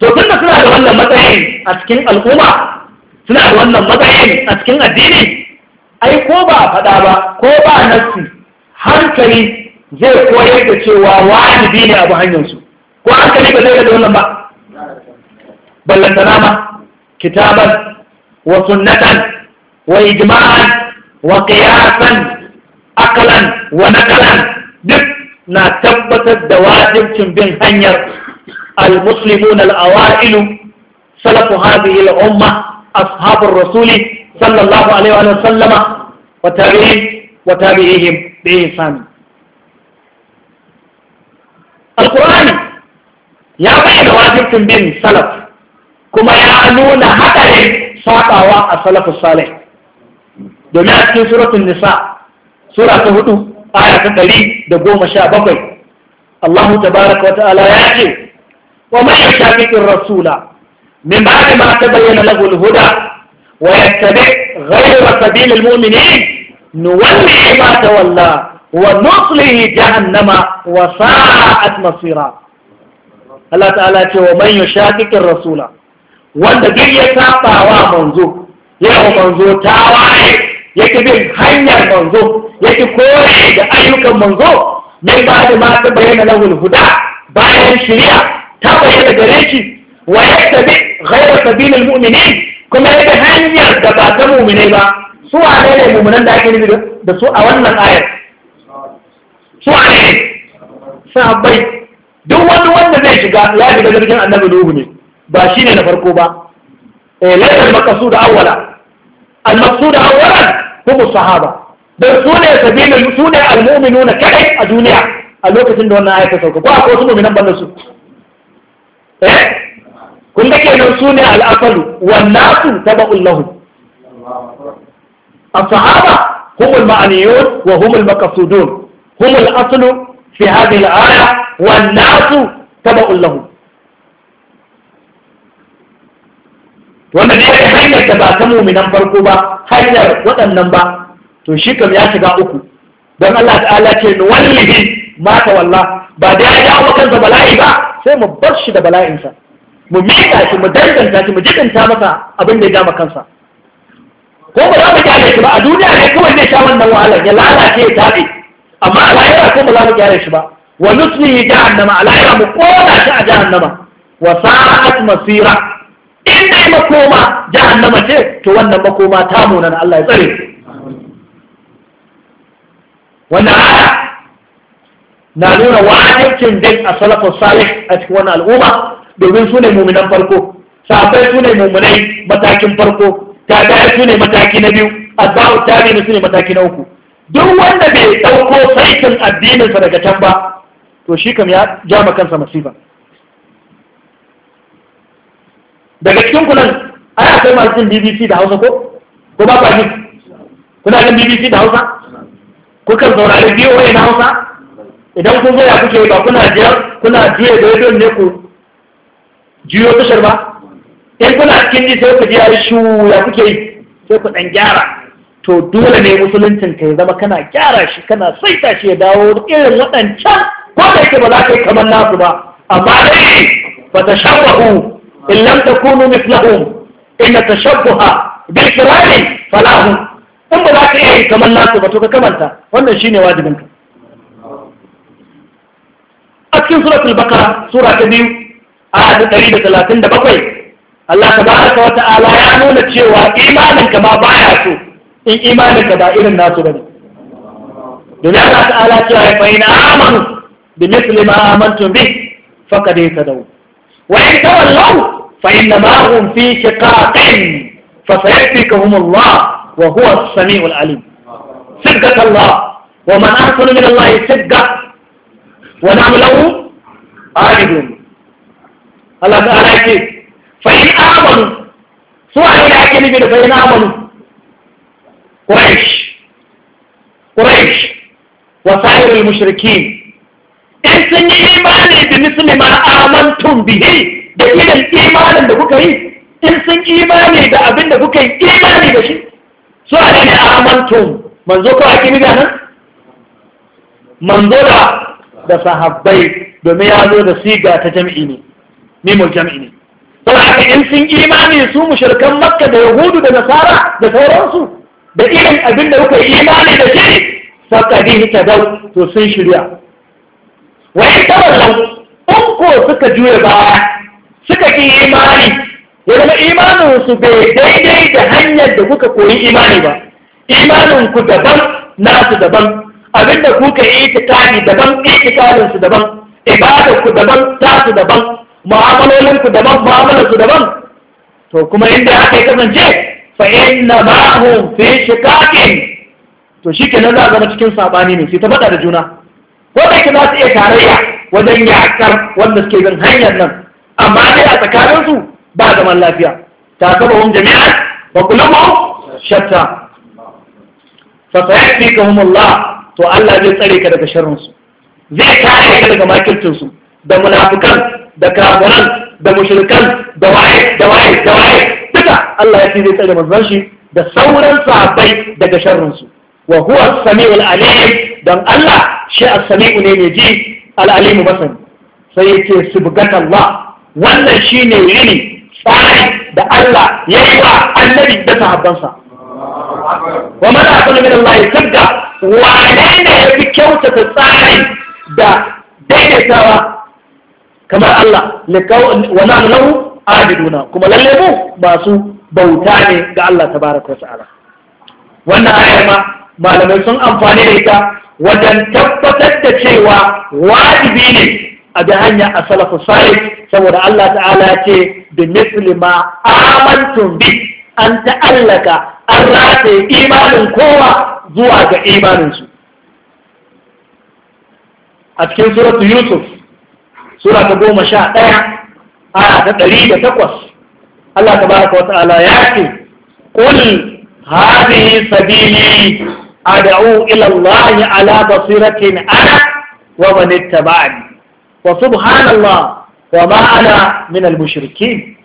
to tun da suna da wannan matsayin a cikin al'umma suna da wannan matsayin a cikin addini ai ko ba fada faɗa ba ko ba nassi hankali zai koyar da cewa wajibi ne abu su. ko hankali ba zai da wannan ba ballantana ma kitaban وسنة وإجماعا وقياسا أقلا ونقلا دك na tabbatar da wajibcin bin hanyar al-muslimun al-awailu salafu hadhihi al-umma ashabur rasuli sallallahu ya bayyana bin kuma ya nuna hadarin سابعوا السلف الصالح دمعت في سورة النساء سورة هدو آية تقليل دقوم شابقي الله تبارك وتعالى يأتي وما يشابك الرسول من بعد ما تبين له الهدى ويتبع غير سبيل المؤمنين نولي ما تولى ونصله جهنم وساءت مصيرا الله تعالى ومن يشاكك الرسول wanda duk ya saba wa manzo yawa manzo tawaye yake bin hanyar manzo yake kore da ayyukan manzo mai ba da ma ta bayyana lahul huda bayan shiriya, ta bayyana gare shi wa yattabi ghayra sabilil mu'minin kuma yake hanyar da ba ta mu'minai ba su wane ne mu'minan da ake nufi da su a wannan ayar su ne sahabbai duk wani wanda zai shiga ya shiga jirgin annabi nuhu ne ba shi ne na farko ba laifin makasu da awwala almasu da awwala kuma sahaba don su ne sabilin su ne almominu na kadai a duniya a lokacin da wannan ayata sauka ko akwai wasu mominan ban su eh kun da kenan su ne al'asalu wannasu taba'un lahu as-sahaba هم المعنيون وهم المقصودون هم الأصل في هذه الآية والناس تبع لهم wanda ne ya hanyar da ba ta muminan farko ba hanyar waɗannan ba to shi kam ya shiga uku don Allah ta'ala ce ni wallahi mata walla ba da ya jawo kansa bala'i ba sai mu bar shi da bala'insa mu miƙa shi mu danganta shi mu jikanta masa abin da ya dama kansa ko ba za mu gyara shi ba a duniya ne kuma zai sha wannan wahalar ya lalace ya tabe amma a lahira ko ba za mu gyara shi ba wa nuslihi jahannama a lahira mu kona shi a jahannama wa sa'at masira in dai makoma jahannama ce to wannan makoma ta munan Allah ya tsare wannan aya na nuna wa'aikin dai a salafus salih a cikin wannan al'umma domin su ne muminan farko sabai su ne muminai matakin farko tabi'ai su ne mataki na biyu ta ne su ne mataki na uku duk wanda bai dauko saifin addininsa daga can ba to shi kam ya jama kansa masifa daga cikin a ai akwai masu jin bbc da hausa ko ko ba ba kuna jin bbc da hausa kukan saurari biyo na hausa idan kun zo ya kuke ba kuna jiyar kuna jiya da yadda ne ku jiyo tashar ba in kuna cikin ji sai ku ji ya shu ya kuke yi sai ku dan gyara to dole ne musuluncin ka ya zama kana gyara shi kana saita shi ya dawo irin waɗancan ko da yake ba za ka yi kamar nasu ba amma dai ba ta shawarar إن لم تكونوا مثلهم إن التشبه بالكرام فلاهم in ba za ka iya yi kamar nasu ba to ka kamanta wannan shine wajibinka a cikin suratul sura ta biyu a da bakwai, Allah tabaraka wa ta'ala ya nuna cewa imaninka ma baya so in imaninka ba irin nasu bane domin Allah ta'ala cewa ya fa ina amanu bi misli ma amantum bi faqad yahtadaw wa in tawallaw فإنما هم في شقاق فسيأتيكهم الله وهو السميع العليم صدقة الله ومن أرسل من الله صدقة ونحن له عابدون الله تعالى يقول فإن آمنوا سؤال إلى أكل فإن آمنوا قريش قريش وسائر المشركين إن سنجي إيماني بمثل ما آمنتم به da irin imanin da kuka yi in sun imani da abin da kuka yi imani da shi So a ne amantum manzo kawai ake miga nan manzo da da sahabbai domin ya zo da siga ta jami'i ne mimul jami'i ne don haka in sun imani su mushirkan makka da yahudu da nasara da sauransu da irin abin da kuka yi imani da shi sakadihi ta dau to sun shirya wani tabar in ko suka juya baya suka ki imani ya imaninsu bai daidai da hanyar da kuka koyi imani ba imaninku daban nasu daban abinda kuka yi itikadi daban itikadinsu daban ibadarku daban tasu daban mu'amalolinku daban mu'amalarsu daban to kuma inda aka yi kasance fa inna ma hum fi shiqaqin to za a zama cikin sabani ne sai ta faɗa da juna ko da za su iya tarayya wajen yakar wanda suke bin hanyar nan amma dai a su ba zaman lafiya ta saba hun jami'a ba kula ma shatta fa sayati kahum Allah to Allah zai tsare ka daga sharrinsu zai kare ka daga su da munafukan da kafiran da mushrikan da waye da waye da waye duka Allah ya ce zai tsare manzon shi da sauran sahabbai daga sharrinsu wa huwa as-sami'ul alim dan Allah shi as-sami'u ne mai ji al-alimu basani sai yake subgata Allah wannan shi ne rini tsari da Allah ya yi wa annabi da sahabbansa wa mana asali min Allah sabda wane ne ya fi kyautata tsari da daidaitawa kamar Allah wani na lahu duna kuma lalle mu masu bauta ne ga Allah ta tabaraka wa ala. wannan ayar ma malamai sun amfani da ita wajen tabbatar da cewa wajibi ne a hanya a salafu salih saboda Allah ta'ala ce da misli ma amantum bi an ta'allaka an rataye imanin kowa zuwa ga imaninsu a cikin suratu yusuf sura ta goma sha ɗaya aya ta ɗari da takwas Allah ta baraka wata ala ya ce ƙul hadi sabili ad'u ila Allah ala basiratin ana wa man ittaba'ani wa subhanallah wa ma ana min al-mushrikin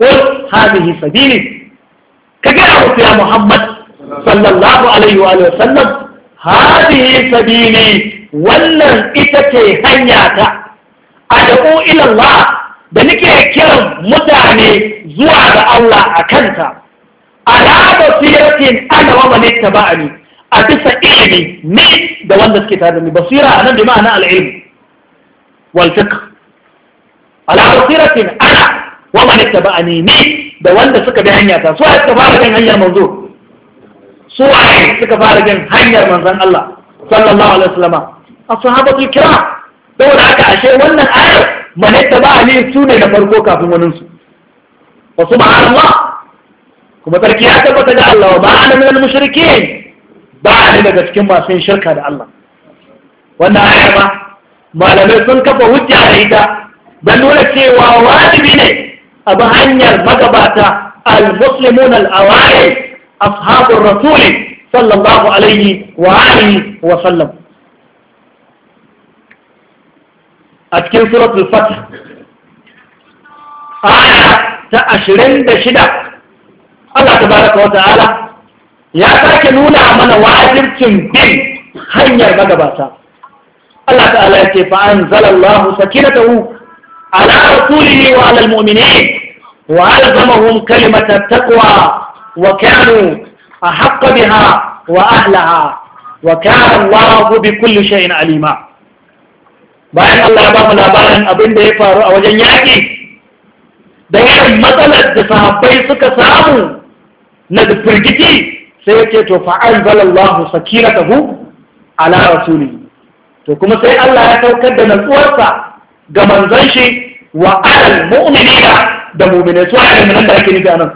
qul hadhihi sabili kaga abu ya muhammad sallallahu alaihi wa sallam hadhihi sabili wannan ita ce hanya ta ad'u ila Allah da nake kiran mutane zuwa ga Allah a kanta A basiratin ana wa man ittaba'ani a bisa ilimi ne da wanda suke tare da basira anan bi ma'ana al-ilm والفقه ana بصيرة أنا ومن اتبعني ني da wanda suka bi hanya ta suwaye suka fara jin hanyar manzo suwaye suka fara jin hanyar manzon Allah sallallahu alaihi wasallam ashabatul kiram saboda haka ashe wannan ayar man ittaba'ani su ne da farko kafin wanin su wa subhanallah kuma sarki ya tabbata da Allah wa ba ana min al ba ne daga cikin masu shirka da Allah wannan ayar ma malamai sun kafa hujja a ita da nuna cewa wajibi ne a bi hanyar magabata al-muslimun al-awari ashabur rasuli sallallahu alaihi wa alihi wa sallam a cikin suratul fath aya ta 26 da shida Allah tabaraka wa ta'ala ya sake nuna mana wajibcin bin hanyar magabata Allah ta'ala yake fa anzalallahu sakinatahu ala rasulihi wa ala almu'minin wa alzamahum kalimata taqwa wa kanu ahqqa biha wa ahlaha wa kana Allahu bi kulli shay'in alima bayan Allah ya ba mu labarin abin da ya faru a wajen yaki, da irin matsalar da sahabbai suka samu na firgiti sai yake to fa anzalallahu sakinatahu ala rasulihi to kuma sai Allah ya saukar da natsuwarsa ga manzon shi wa alal mu'minina da mu'minai su a nan da ake nufi anan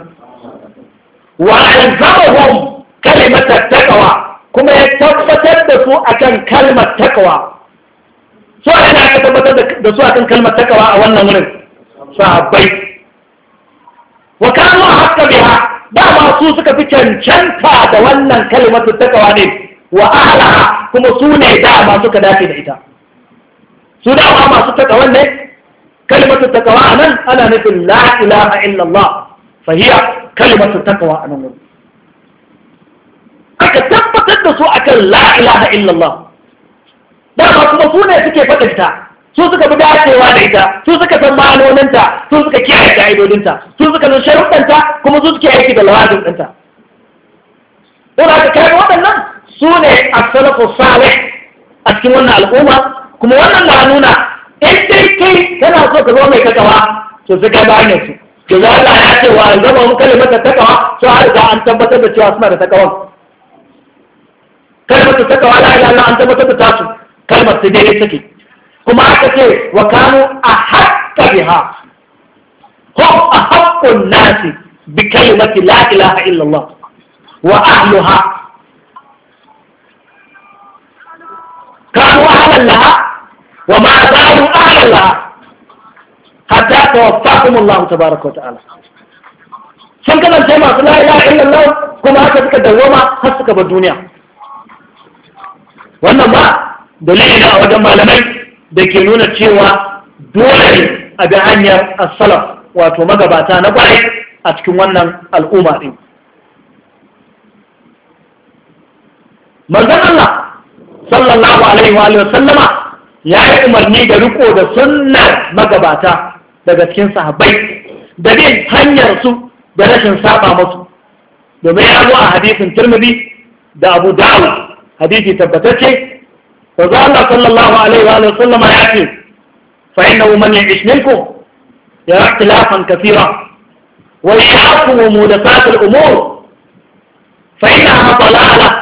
wa alzamahum kalimatat taqwa kuma ya tabbatar da su akan kalmar taqwa su a nan aka tabbatar da su akan kalmar taqwa a wannan wurin sahabbai wa kanu hakka biha dama su suka fi cancanta da wannan kalmar taqwa ne wa alaha kuma su ne dama suka dace da ita su dama masu takawan wanne kalimatu takawa a nan ana nufin la ilaha illallah fahiya kalimatu takawa a nan wuri aka tabbatar da su akan la ilaha illallah dama kuma su ne suke faɗinta su suka fi dacewa da ita su suka san ma'anoninta su suka kiyaye ka'idodinta su suka san sharuɗanta kuma su suke aiki da lawazin ɗinta. Ina ka kai waɗannan su ne a salafu salih a cikin wannan al'umma kuma wannan na nuna in dai kai kana so ka zama mai takawa to sai ka bayan su to za Allah ya ce wa zama mun kalimata takawa to har ga an tabbatar da cewa suna da takawan kalmar takawa la ilaha illa an tabbatar da tasu kalmar ta daidai take kuma aka ce wa kanu ahaqqa biha hum ahaqqun nasi bi kalimati la ilaha illa Allah wa ahluha كانوا أهلا لها وما زالوا أهلا لها حتى توفاكم الله تبارك وتعالى sun kasance masu la ilaha illallah kuma haka suka dawoma har suka bar duniya wannan ba dalili ne a wajen malamai da ke nuna cewa dole ne a bi hanyar as-salaf wato magabata na kwarai a cikin wannan al'umma din manzon Allah sallallahu alaihi wa sallama ya yi umarni da riko da sunnar magabata daga cikin sahabbai da bin hanyar su da rashin saba musu domin ya zo a hadisin turmudi da abu da'ud hadisi tabbatacce fa za Allah sallallahu alaihi wa sallama ya ce fa inna man ya'ish minkum yara ikhtilafan kathira wa yaqumu mudafatul umur fa innaha dalalah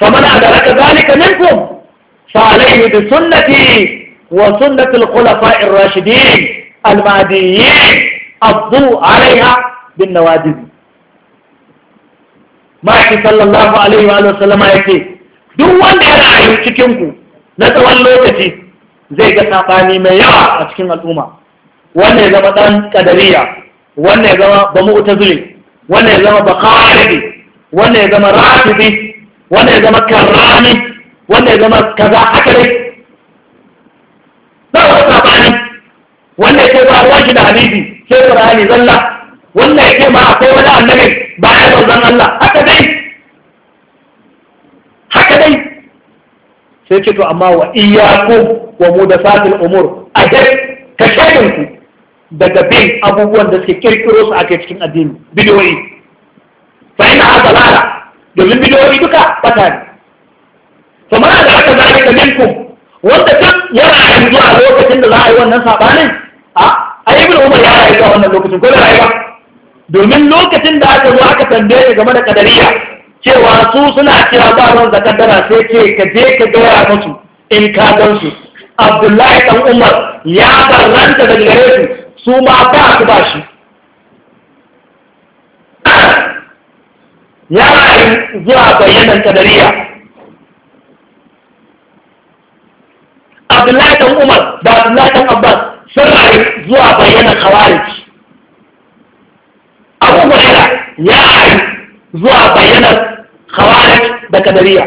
فمن أدرك ذلك منكم فعليه بسنتي وسنة الخلفاء الراشدين المهديين الضوء عليها بالنوادي maki sallallahu alaihi wa sallam ya ce duk wanda ya rayu cikin ku na tsawon lokaci zai ga sabani mai yawa a cikin al'umma wanda ya zama dan kadariya wanda ya zama ba mu'tazili wanda ya zama ba khariji ya zama rafidi wanda ya zama wanda ya zama kaza haka dai ba wani sabani wanda ya ce ba ruwan shi da hadisi sai qur'ani zalla wanda ya ce ma akwai wani annabi ba ya manzon Allah haka dai haka dai sai ce to amma wa iyyakum wa mudafatil umur a ka shaidinku daga bin abubuwan da suke kirkiro su ake cikin addini bidiyoyi fa ina azalala domin bidiyoyi duka bata ne to mana da aka zai ka minkum wanda duk ya rayu zuwa lokacin da za a yi wannan sabanin a yi umar ya rayu zuwa wannan lokacin ko da rayuwa domin lokacin da aka zo aka tambaye game da kadariya cewa su suna cewa ba ruwan zakaddara sai ce ka je ka gaya musu in ka gan su abdullahi Ɗan umar ya barranta daga gare su su ma ba su ba shi ya rayu zuwa bayyanar kadariya abdullahi dan umar da abdullahi abbas sun rayu zuwa bayyanar khawarij abu huraira ya rayu zuwa bayyanar khawarij da kadariya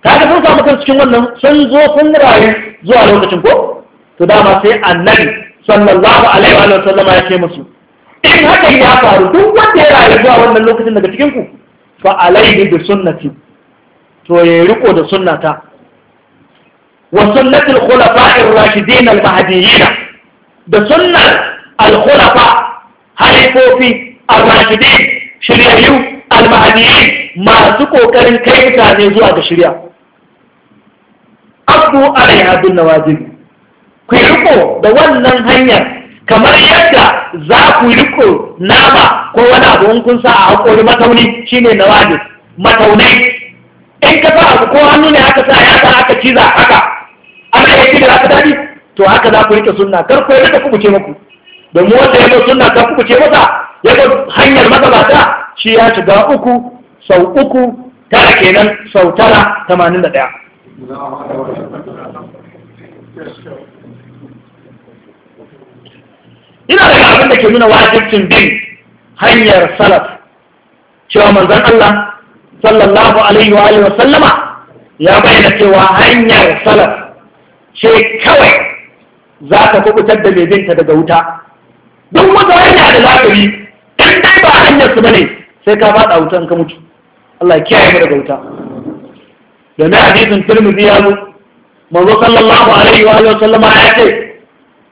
kaga sun samu kan cikin wannan sun zo sun rayu zuwa lokacin ko to dama sai annabi sallallahu alaihi wa sallama ya ce musu in hakan ya faru duk wanda ya rayu zuwa wannan lokacin daga cikin ku fa alaihi bi sunnati to ya riko da sunnata wa sunnati al-khulafa'i ar-rashidin al-mahdiyyin da sunnar al-khulafa halifofi ar-rashidin shiryayyu al-mahdiyyin masu kokarin kai mutane zuwa ga shirya abu alaiha bin nawazib ku riko da wannan hanyar kamar yadda za ku riko nama ko wani abu in kun sa a hakori matauni shine nawajis mataunai in ka sa abu ko hannu ne aka sa ya sa aka ciza haka ana iya da aka dadi to haka za ku rike sunna kar ku ku buce muku domin wanda ya zo sunna ka buce masa ya zo hanyar magabata shi ya shiga uku sau uku tara kenan sau tara tamanin da ɗaya ina daga abin da ke nuna wajibcin bin hanyar salaf cewa manzon Allah sallallahu alaihi wa alihi wa sallama ya bayyana cewa hanyar salaf ce kawai za ta kubutar da mai binta daga wuta don wata hanya da za ka yi in dai ba hanyar su bane sai ka faɗa wutan ka mutu Allah ya kiyaye mu daga wuta da na hadisin Tirmidhi ya zo manzo sallallahu alaihi wa sallama ya ce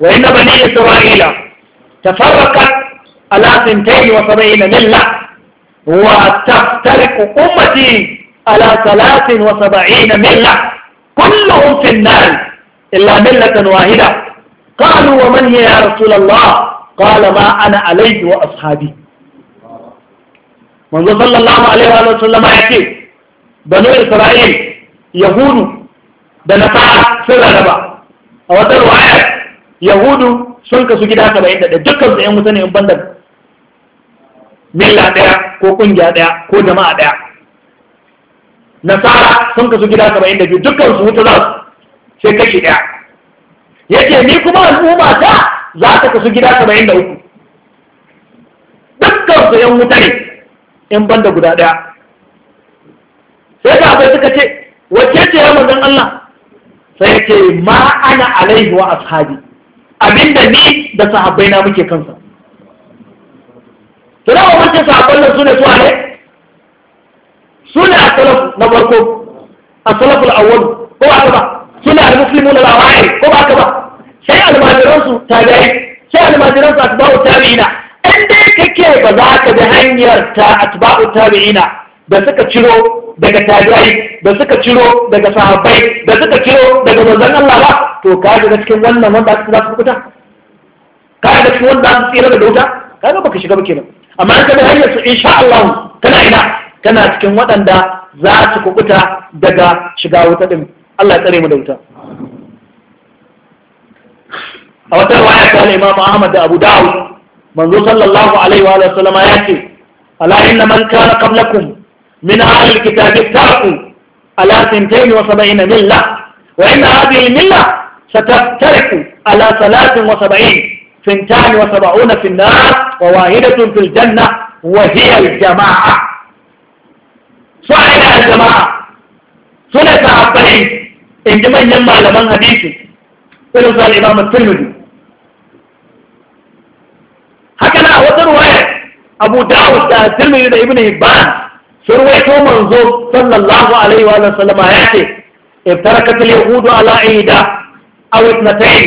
wa inna bani isra'ila تفرقت على سنتين وسبعين ملة وتفترق أمتي على ثلاث وسبعين ملة كلهم في النار إلا ملة واحدة قالوا ومن هي يا رسول الله قال ما أنا عليه وأصحابي من صلى الله عليه وآله وسلم يأتي بنو إسرائيل يهود بنفع سر ربا أو رواية يهود sun kasu gida ta bayan daɗa dukkan su ‘yan wuta ne in banda milla ɗaya ko ƙungiya ɗaya ko jama'a ɗaya nasara sun kasu gida ta bayan biyu dukkan su wuta za su sai kashi ɗaya yake ni kuma al'umma ta za ta kasu gida bayan da uku dukkan su ‘yan wuta ne in banda guda ɗaya sai da abai suka ce wacce ce ya manzon Allah sai ce ma ana alaihi wa ashabi abinda ni da sahabbai na muke kansa to da wancan sahabban nan sune su ne sune a salaf na farko a salaful awwal ko ba ba sune al-muslimuna al-awa'ir ko ba ka ba sai almajiran su tabi'i sai almajiran su atba'u tabi'ina in dai kake ba za ka bi hanyar ta atba'u tabi'ina da suka ciro daga tajirai da suka ciro daga sahabbai da suka ciro daga manzon Allah ba to ka daga cikin wannan wanda za su fita ka daga cikin wanda su tsira daga wuta ka ga baka shiga ba kenan amma in da hanyar su insha Allah kana ina kana cikin waɗanda za su kubuta daga shiga wuta ɗin Allah ya tsare mu da wuta a wata waya ta Imam Ahmad da Abu Dawud manzo sallallahu alaihi wa sallama ya ce ala inna man kana qablakum من أهل الكتاب افترقوا على وسبعين ملة وإن هذه الملة ستفترق على 73 فنتان وسبعون في النار وواحدة في الجنة وهي الجماعة صحيح جماعة سنة إن عندما ينمى لمن قلوا فلسى الإمام الترمذي هكذا وتر أبو داود الترمذي دا ابن هبان سرويتو منظور صلى الله عليه وآله وسلم يأتي ابتركت اليهود على عيدة أو اثنتين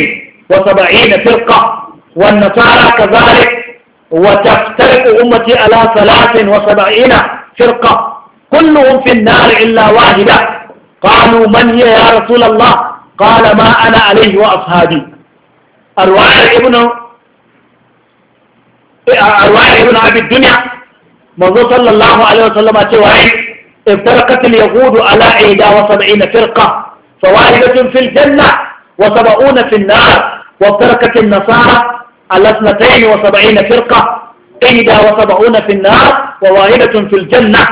وسبعين فرقة والنصارى كذلك وتفترق أمتي على ثلاث وسبعين فرقة كلهم في النار إلا واحدة قالوا من هي يا رسول الله قال ما أنا عليه وأصحابي أرواح ابن أرواح ابن أبي الدنيا منذ صلى الله عليه وسلم أتواحد افترقت اليهود على إيدا وسبعين فرقة فواحدة في الجنة وسبعون في النار وافترقت النصارى على اثنتين وسبعين فرقة إيدا وسبعون في النار وواحدة في الجنة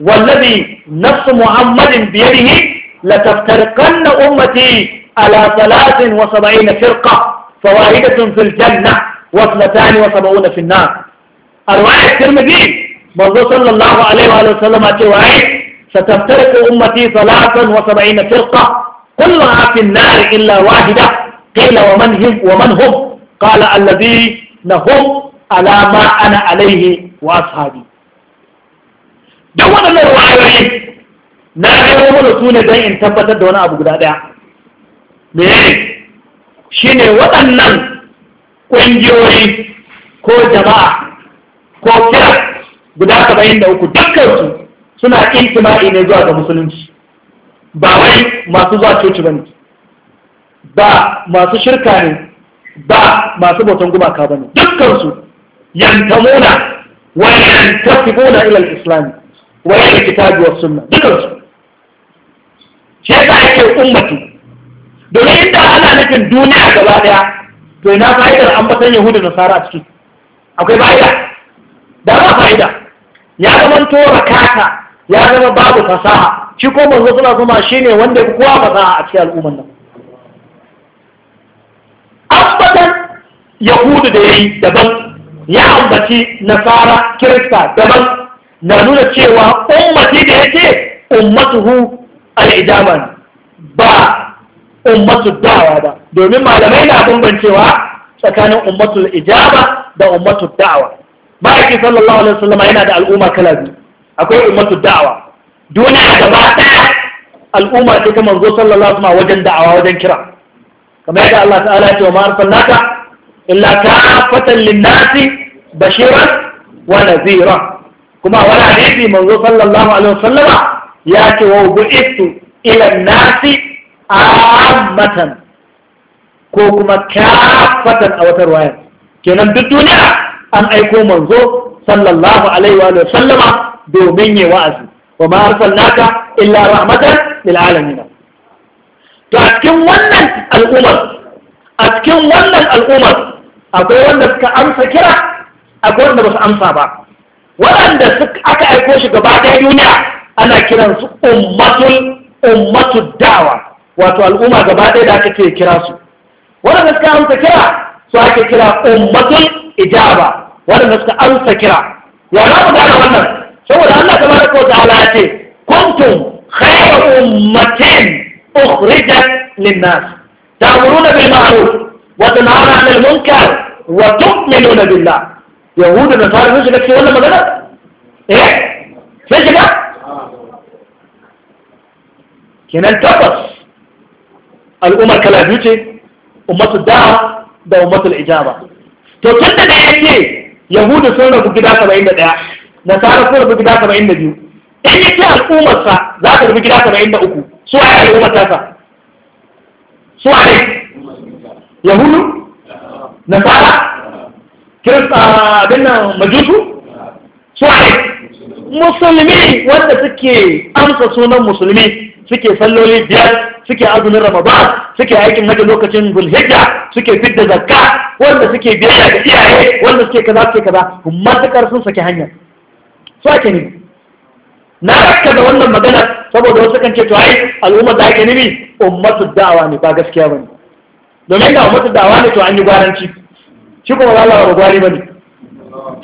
والذي نفس محمد بيده لتفترقن أمتي على ثلاث وسبعين فرقة فواحدة في الجنة واثنتان وسبعون في النار أرواح الترمذين manzo sallallahu alaihi wa sallam ce wa ai satattarku ummati salatan wa sab'ina firqa kullu afin nar illa wahida qila wa man hum wa man hum qala alladhi nahum ala ma ana alaihi wa ashabi dan wadannan ruwayoyi na yawo mana su ne in tabbatar da wani abu guda ɗaya. me shine waɗannan ƙungiyoyi ko jama'a ko kira guda saba'in da uku dukkansu suna intima'i ne zuwa ga musulunci ba wai masu zuwa coci ba ba masu shirka ne ba masu bautan gumaka ba ne dukkansu yantamuna wa yantasibuna ila al-islam wa ila kitabi wa sunna dukkansu shi yasa yake ummatu. domin inda ana nufin duniya gaba daya to ina fa'idar an batan yahudu nasara a ciki akwai fa'ida da ba fa'ida ya zama tora kaka, ya zama babu fasaha shi ko manzo suna zuma shine wanda ya kowa za a cikin al'umman nan ambatan yahudu da yayi daban ya ambaci nasara kirista daban na nuna cewa ummati da yake ummatuhu al'idama ba ummatu da'awa ba domin malamai na bambancewa tsakanin ummatul ijaba da ummatu da'awa ma'aiki sallallahu alaihi wasallam yana da al'umma kala biyu akwai ummatu da'awa duniya ba ta al'umma ce ta manzo sallallahu alaihi wasallam wajen da'awa wajen kira kamar yadda Allah ta'ala ya ce wa ma arsalnaka illa kafatan lin-nasi bashiran wa nadhira kuma wala hadisi manzo sallallahu alaihi wasallama ya ce wa bu'istu ila an-nasi ammatan ko kuma kafatan a watar wayar kenan duk duniya an aiko manzo sallallahu alaihi wa sallama domin ya wa'azi wa ma arsalnaka illa rahmatan lil alamin to a cikin wannan al'ummar a cikin wannan al'ummar akwai wanda suka amsa kira akwai wanda ba su amsa ba waɗanda aka aiko shi gaba ɗaya duniya ana kiransu ummatul ummatu dawa wato al'umma gaba ɗaya da aka ke kira su waɗanda suka amsa kira su ake kira ummatul ijaba waɗanda suka amsa kira ya za mu gane wannan saboda Allah ta baraka wa ta'ala ya ce kuntum khayra ummatin ukhrijat lin-nas ta'muruna bil ma'ruf wa tanhauna 'anil munkar wa tu'minuna billah yahudu da nasara sun shiga cikin wannan magana eh sun shiga kenan tabbas al'ummar kala biyu ce ummatul da'a da ummatul ijaba to tun daga ya ce yahudu sun rabu gida saba'in da ɗaya nasara sun rabu gida saba'in da biyu in ya ce al'ummarsa za ta rabu gida saba'in da uku su a yi al'ummar tasa su a yahudu nasara kirista abin nan majusu su a musulmi wanda suke amsa sunan musulmi suke salloli biyar suke azumin ramadan suke aikin hajji lokacin zulhijja suke fidda zakka wanda suke biyayya da iyaye wanda suke kaza suke kaza matukar sun saki hanya su ake ne na raka da wannan magana saboda wasu kan ce to ai al'ummar da ake nemi ummatu da'awa ne ba gaskiya bane domin da ummatu da'awa ne to an yi gwaranci shi kuma ba Allah ba gwari bane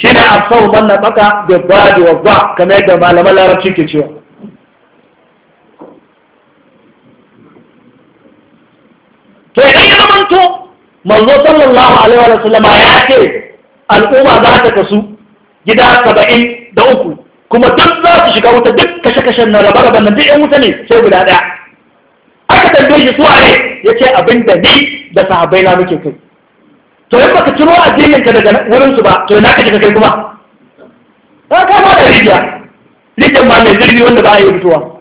shine afsau manna nabaka da badi wa ba kamar yadda malaman larabci ke cewa to idan ya zamanto manzo sallallahu alaihi wa sallama ya ce al'umma za ta kasu gida saba'in da uku kuma duk za su shiga wuta duk kashe-kashen na raba raba nan duk 'yan wuta ne sai guda ɗaya aka tambaye shi su ne ya ce abin da ni da sahabbai na muke kai to in baka ciro addinin ka daga wurin su ba to na ka shiga kai kuma ka kama da rijiya rijiyar ma mai zirgi wanda ba a yi fitowa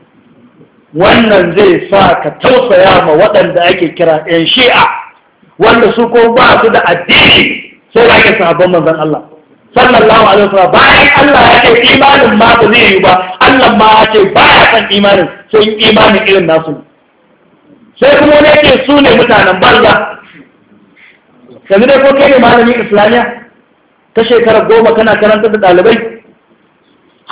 wannan zai sa ka tausaya ma waɗanda ake kira 'yan shi'a wanda su ko ba su da addini sai ba ake sahabban manzan Allah sallallahu alaihi wasallam bayan Allah ya ce imanin ma ba zai yi ba Allah ma ya ce ba ya san imanin sai imanin irin nasu sai kuma wani yake su ne mutanen banza yanzu dai ko kai ne malamin islamiya ta shekara goma kana karanta da ɗalibai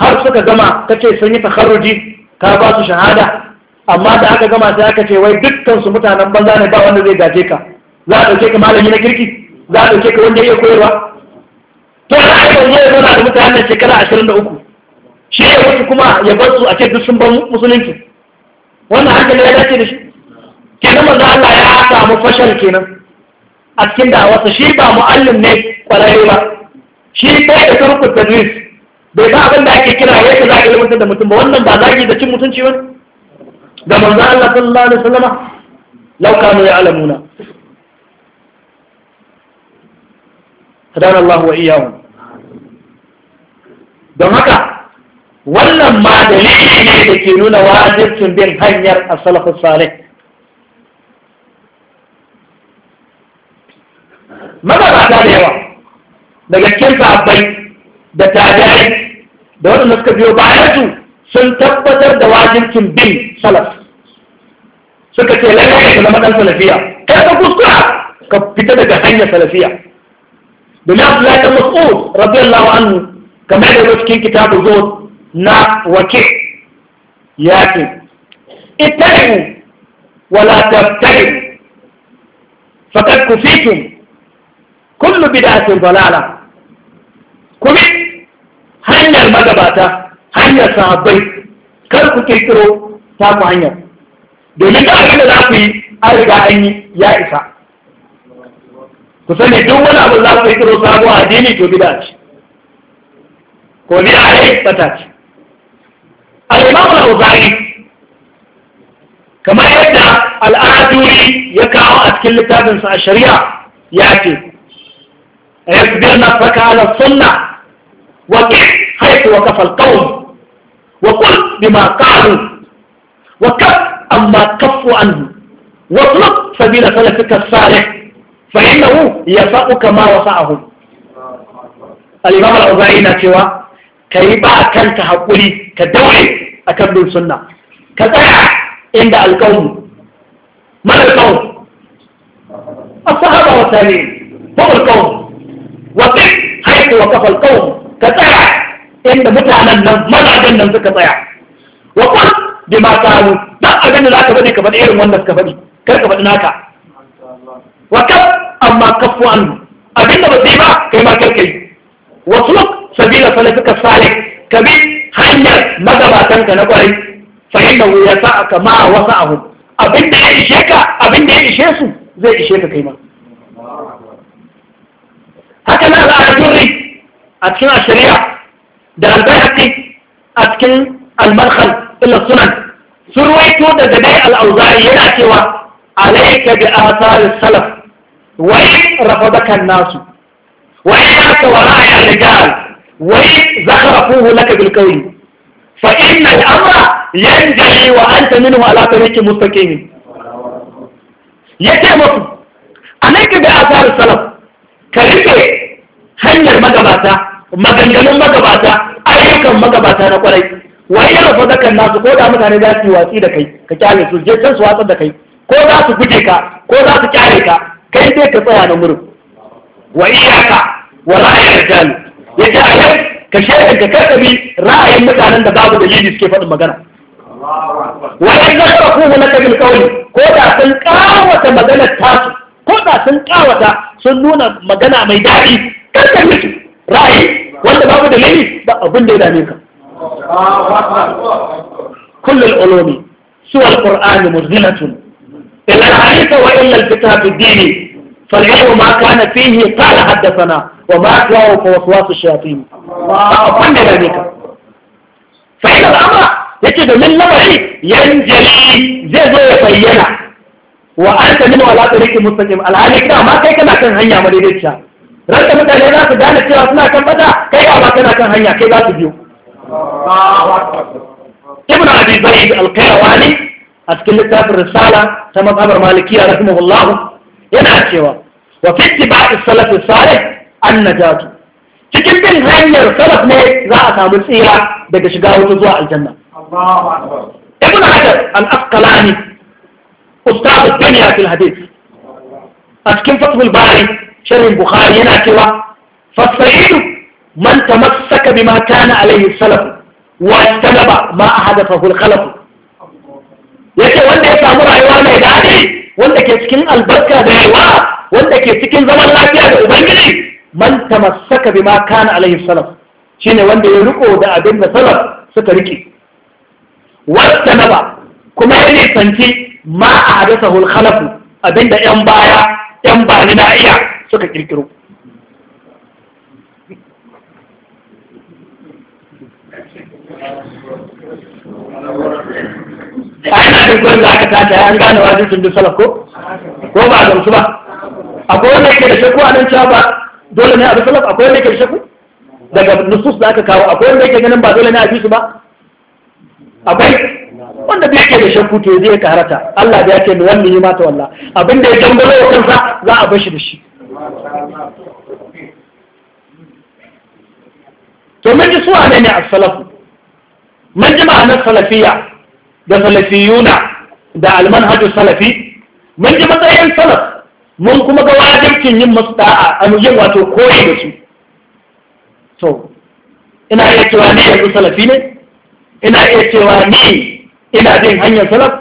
har suka gama kace sun yi takarruji ka ba su shahada amma da aka gama sai aka ce wai dukkan su mutanen banza ne ba wanda zai gaje ka za a dauke ka malami na kirki za a dauke ka wanda ya koyarwa to da aka zo ya zauna da mutanen shekara ashirin da uku shi ya mutu kuma ya bar su a ce duk sun bar musulunci wannan hankali ya dace da shi kenan manzo Allah ya samu fashal kenan a cikin da'awarsa shi ba mu'allim ne kwarai ba shi bai da turkut tadris bai ba abin da ake kira yadda za a ilmantar da mutum ba wannan ba zagi da cin mutunci wani da manzo Allah sallallahu alaihi wasallam law kanu ya'lamuna hadana Allah wa iyyahum don haka wannan ma da ne da ke nuna wajibcin bin hanyar as-salafus salih magabata da yawa daga cikin abai da tabi'ai da waɗanda suka biyo bayan su sun tabbatar da wajibin bin salaf suka ce lallai ka zama dan salafiya kai ka kuskura ka fita daga hanyar salafiya domin Abdullahi ta Mas'ud radiyallahu anhu kamar da yake cikin kitabu zuhud na wake ya ce ittaibu wala tabtaibu faqad kufitum kullu bid'atin dalala kuma hanyar magabata hanyar sahabbai kar ku kirkiro ta ku hanyar domin da abin da za ku yi an riga an yi ya isa ku sani duk wani abu za ku kirkiro sabo a addini to bida ce ko bida ne bata ce al-imamu al-awzari kamar yadda al'aduri ya kawo a cikin littafinsa a shari'a ya ce a yasbir na faka ala sunna wa haifu wa kafal kawun وقل بما قالوا وكف أما كفوا عنه واطلق سبيل سلفك الصالح فإنه يفاؤك ما وفأه الإمام الأوزاعي نتوى كيبا كان هقولي كدوري أكبر السنة كتاع عند القوم من القوم الصحابة والتابعين هم القوم وقف حيث وقف القوم كتاع inda mutanen nan mazajen nan suka tsaya wa kun bi ma kanu dan abin da zaka bari ka faɗi irin wannan ka bari kar ka faɗi naka wa kaf amma kafu an abin da ba sai ba kai ma kai wa suluk sabila salafika salih ka bi hanyar magabatan ka na kwarai fa innahu yasa'aka ma wasa'ahu abin da ya ishe ka abin da ya ishe su zai ishe ka kai ma haka na za a turri a cikin shari'a da albayhaqi a cikin almarhal ila sunan sun waito daga dai al'auzari yana cewa alaika bi asar salaf wai rafadaka nasu wai haka wara ya rijal wai zakhrafuhu laka bil qawli fa inna al 'Yan yanjali wa anta minhu ala ce mustaqim yace musu alaika bi asar salaf ka rike hanyar magabata maganganun magabata ayyukan magabata na kwarai wai ya rafa zakan nasu ko da mutane za su yi watsi da kai ka kyale su je can su watsar da kai ko za su guje ka ko za su kyale ka kai dai ka tsaya na murin wa iyaka wa ra'ayin rijal ya ce a yau ka shaidar ka karkabi ra'ayin mutanen da babu dalili suke faɗin magana wani zakara kuma na kabil kauli ko da sun kawata ta tasu ko da sun kawata sun nuna magana mai daɗi karkar mutu, ra'ayi wanda babu dalili da abin da ya dame ka kullul ulumi سوى القرآن مذلة إلا الحديث وإلا الكتاب الديني فالعلم ما كان فيه قال حدثنا وما كان فوسواس الشياطين وأفند إيه ذلك فإن الأمر يجد من نظري ينجلي زي زي يبين وأنت من ولا طريق مستقيم الآن كده إيه ما كان كما كان هيا مدينتها ran da mutane za su gane cewa suna kan bada kai ba kana kan hanya kai za su biyo ibn abi zaid al-qayrawani a cikin littafin risala ta mazhabar malikiya rahimahullah yana cewa wa fi ittiba'i salaf salih an-najatu cikin bin hanyar salaf ne za a samu tsira daga shiga wuta zuwa aljanna ibn hajar al-asqalani ustaz ad-dunya fil hadith a cikin fathul bari sanin bukhari yana cewa fasa'idu man tamassaka bima kana alaihi salaf wa talaba ma ahadathahu al-khalaq yace wanda ya samu rayuwa mai daɗi wanda ke cikin albarka da yawa wanda ke cikin zaman lafiya da ubangiji man tamassaka bima kana alaihi salaf shine wanda ya riko da abin da salaf suka rike wasta kuma ya nisanci ma a hadasa hulkhalafu abinda yan baya yan bani na iya suka kirkiro ainihin gurin da aka tace an gane wajibin duk salaf ko ko ba a gamsu ba akwai wanda yake da shakku a nan cewa ba dole ne a bi salaf akwai wanda yake da shakku daga nusus da aka kawo akwai wanda yake ganin ba dole ne a bi su ba akwai wanda bai yake da shakku to zai karata Allah ya ce ni wannan yi mata wallah abinda ya jambalo kansa za a bashi da shi to mun ji a ne as-salafu mun ji ma'anar salafiya da salafiyuna da almanhajus salafi mun ji matsayin salaf mun kuma ga wajibcin yin musu da'a a yin wato koyi da su to ina iya cewa ni yanzu salafi ne ina iya cewa ni ina bin hanyar salaf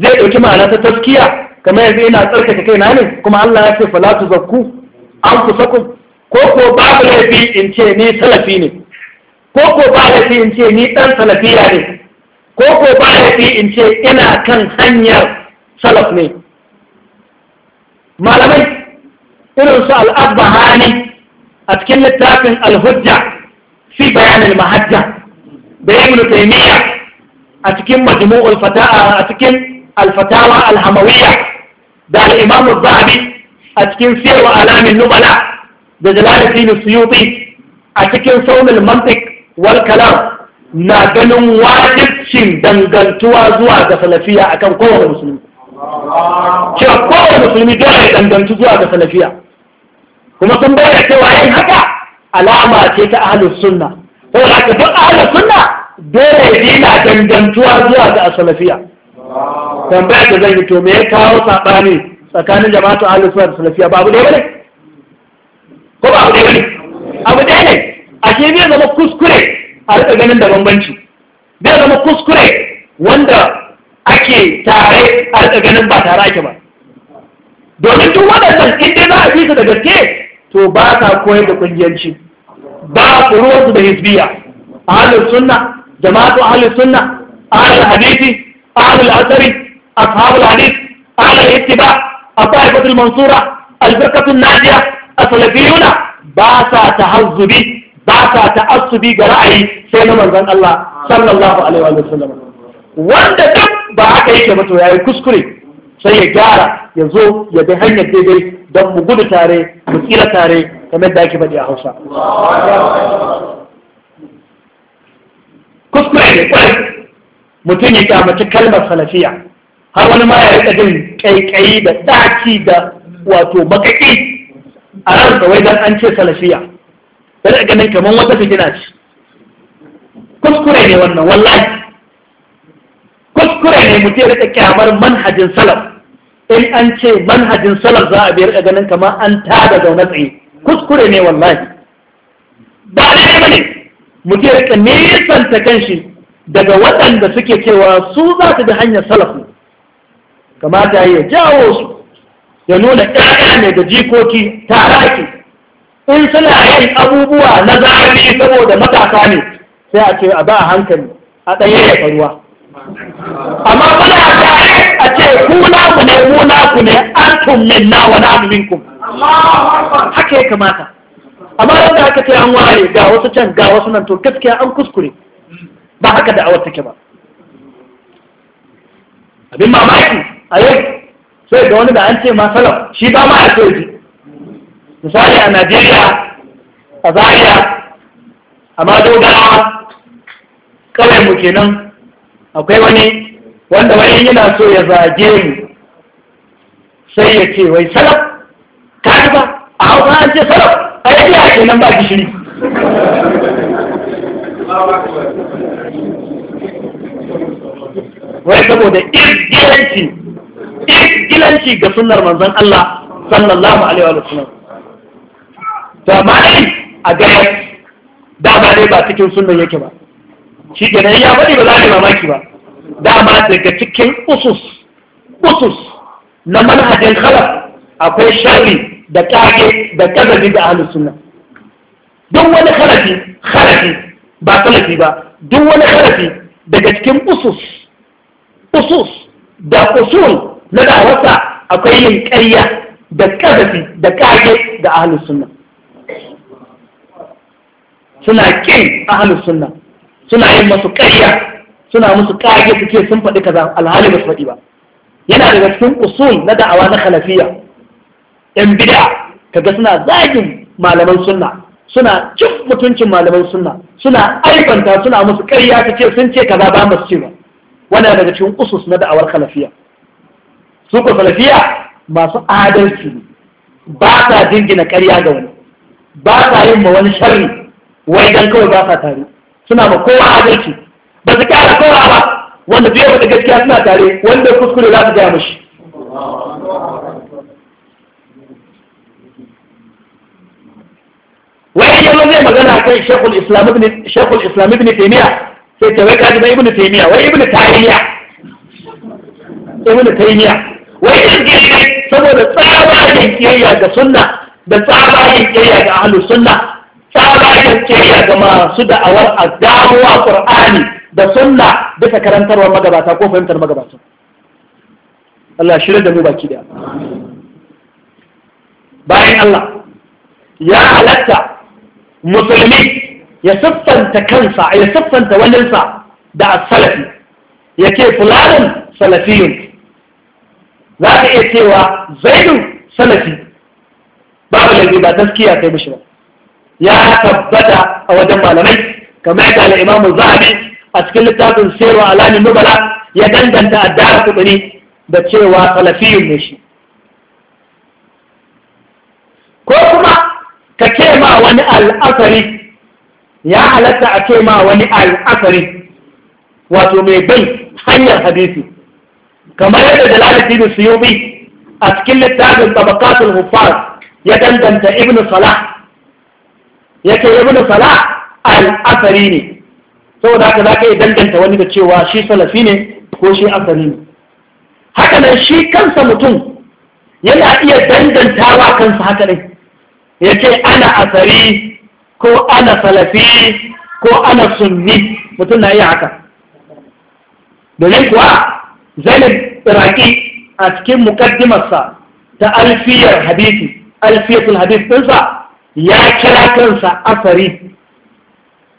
zai ɗauki ma'ana ta taskiya kamar yanzu ina tsarkake kaina ne kuma Allah ya ce fala tuzakku anfusakum ko ko babu laifi in ce ni salafi ne ko ko ba laifi in ce ni dan salafiya ne ko ko ba laifi in ce ina kan hanyar salaf ne malamai irin su al-abbahani a cikin littafin al-hujja fi bayanin mahajja da ibn taymiya a cikin majmu'ul fata'a a cikin al-fatawa al-hamawiyya da al'imamu zahabi a cikin siyarwa alamin nubala da jalalatini suyuti a cikin saunin mantik wal kalam na ganin wajibcin dangantuwa zuwa ga salafiya kan kowane musulmi cewa kowane musulmi dole ya dangantu zuwa ga salafiya kuma sun bayar cewa yin haka alama ce ta ahlus sunna saboda ka duk ahlus sunna dole ya dina dangantuwa zuwa ga salafiya tambaya da zan yi to me ya kawo saɓani tsakanin jama'atu ahlus sunna da salafiya ba abu ɗaya bane ko ba abu ɗaya bane abu ɗaya ne ke zai zama kuskure a rika ganin da bambanci zai zama kuskure wanda ake tare a rika ganin ba tare ake ba domin duk waɗannan in dai za a fi su da gaske to ba sa koyar da kungiyanci ba su ruwansu da hisbiya ahlus sunna jama'atu ahlus sunna ahlul hadisi أهل الأثر أصحاب الحديث أهل الاتباع الطائفة المنصورة الفرقة الناجية السلفيون باسا تهذبي باسا تأصبي جرائي سيدنا من الله صلى الله عليه وسلم wanda duk ba haka yake ba ya yi kuskure sai ya gyara ya zo ya bi hanyar daidai don mu gudu tare mu tsira tare kamar da ake faɗi a Hausa kuskure ne kwarai mutum ya kyamaci kalmar salafiya har wani ma ya rika jin kaikayi da daki da wato makaki a ransa wai dan an ce salafiya da ganin kamar wata fitina ce kuskure ne wannan wallahi kuskure ne mutum ya rika kyamar manhajin salaf in an ce manhajin salaf za a biyar da ganin kamar an tada zaune tsaye kuskure ne wallahi ba ne ba ne mutum ya rika nesanta shi. daga waɗanda suke cewa su za su bi hanyar salafu kamata ya jawo su ya nuna ƙaya ne da jikoki taraki in suna yin abubuwa na zafi saboda matasa ne sai a ce a ba hankali a ɗaya ya faruwa amma muna tare a ce kuna ku ne kuna ku ne an tummin na wani aminkum haka ya kamata amma yadda aka ce an ware ga wasu can ga wasu nan to gaskiya an kuskure ba haka da'awar take ba abin mamaki a yau sai da wani da an ce masalam shi ba ma a soji misali a najeriya a Zariya, a madogawa kawai mu kenan akwai wani wanda wani yana so ya zage mu sai ya ce wai salaf ka ba a hausa an ce salaf a yadda ya nan ba gishiri wai saboda irgilanci irgilanci ga sunnar manzon Allah sallallahu alaihi wa sallam to amma a gaba dama ne ba cikin sunnan yake ba shi kenan ya bari ba za a mamaki ba dama daga cikin usus usus na manhajin khalaf akwai shari da kage da kazabi da ahlus sunna duk wani khalafi khalafi ba salafi ba duk wani harafi daga cikin usus usus da usul na da'awarsa akwai yin ƙarya da ƙazafi da ƙage da ahalus sunna suna ƙin ahalus sunna suna yin masu ƙarya suna musu ƙage su ce sun faɗi kaza alhali ba su faɗi ba yana daga cikin usul na da'awa na khalafiya yan bid'a kaga suna zagin malaman sunna suna cin mutuncin malaman sunna suna aibanta suna musu karya ta ce sun ce kaza ba mu cewa ba wannan daga cikin usus na da'awar kalafiya su ko kalafiya masu adalci ne ba sa jingina karya ga wani ba sa yin ma wani sharri wai dan kawai ba sa tare suna ma kowa adalci ba su kyara kowa ba wanda zai faɗi gaskiya suna tare wanda kuskure za su gaya mashi wai ya zai magana kan shekul islam ibn shekul sai ta wai kaji ibn Taimiyya? wai ibn Taimiyya. ibn taymiya wai yake saboda tsabagen kiyayya ga sunna da tsabagen kiyayya ga ahlus sunna tsabagen kiyayya ga masu da'awar addawa qur'ani da sunna bisa karantarwar magabata ko fahimtar magabata Allah shirin da mu baki da bayan Allah ya halatta musulmi ya siffanta kansa ya siffanta waninsa da salafi ya ke fulanin salafiyun za ka iya cewa zainun salafi babu laifi ba gaskiya kai mishi ba ya tabbata a wajen malamai kamar yadda al'imamu zahabi a cikin littafin sayarwa alamin nubala ya danganta a dara kuɗi da cewa salafiyun ne shi ko kuma ka ce ma wani al'asari ya halatta a ce ma wani al'asari wato mai bin hanyar hadisi kamar yadda dalalati da suyubi a cikin littafin tabakatul huffar ya danganta ibnu salah yake ibnu salah al'asari ne saboda haka za ka yi danganta wani da cewa shi salafi ne ko shi asari ne haka nan shi kansa mutum yana iya dangantawa kansa haka ne yake ana asari ko ana salafi ko ana sunni mutum na yi haka domin kuwa zainab iraki a cikin mukaddimarsa ta alfiyar hadisi alfiyatul hadis ɗinsa ya kira kansa asari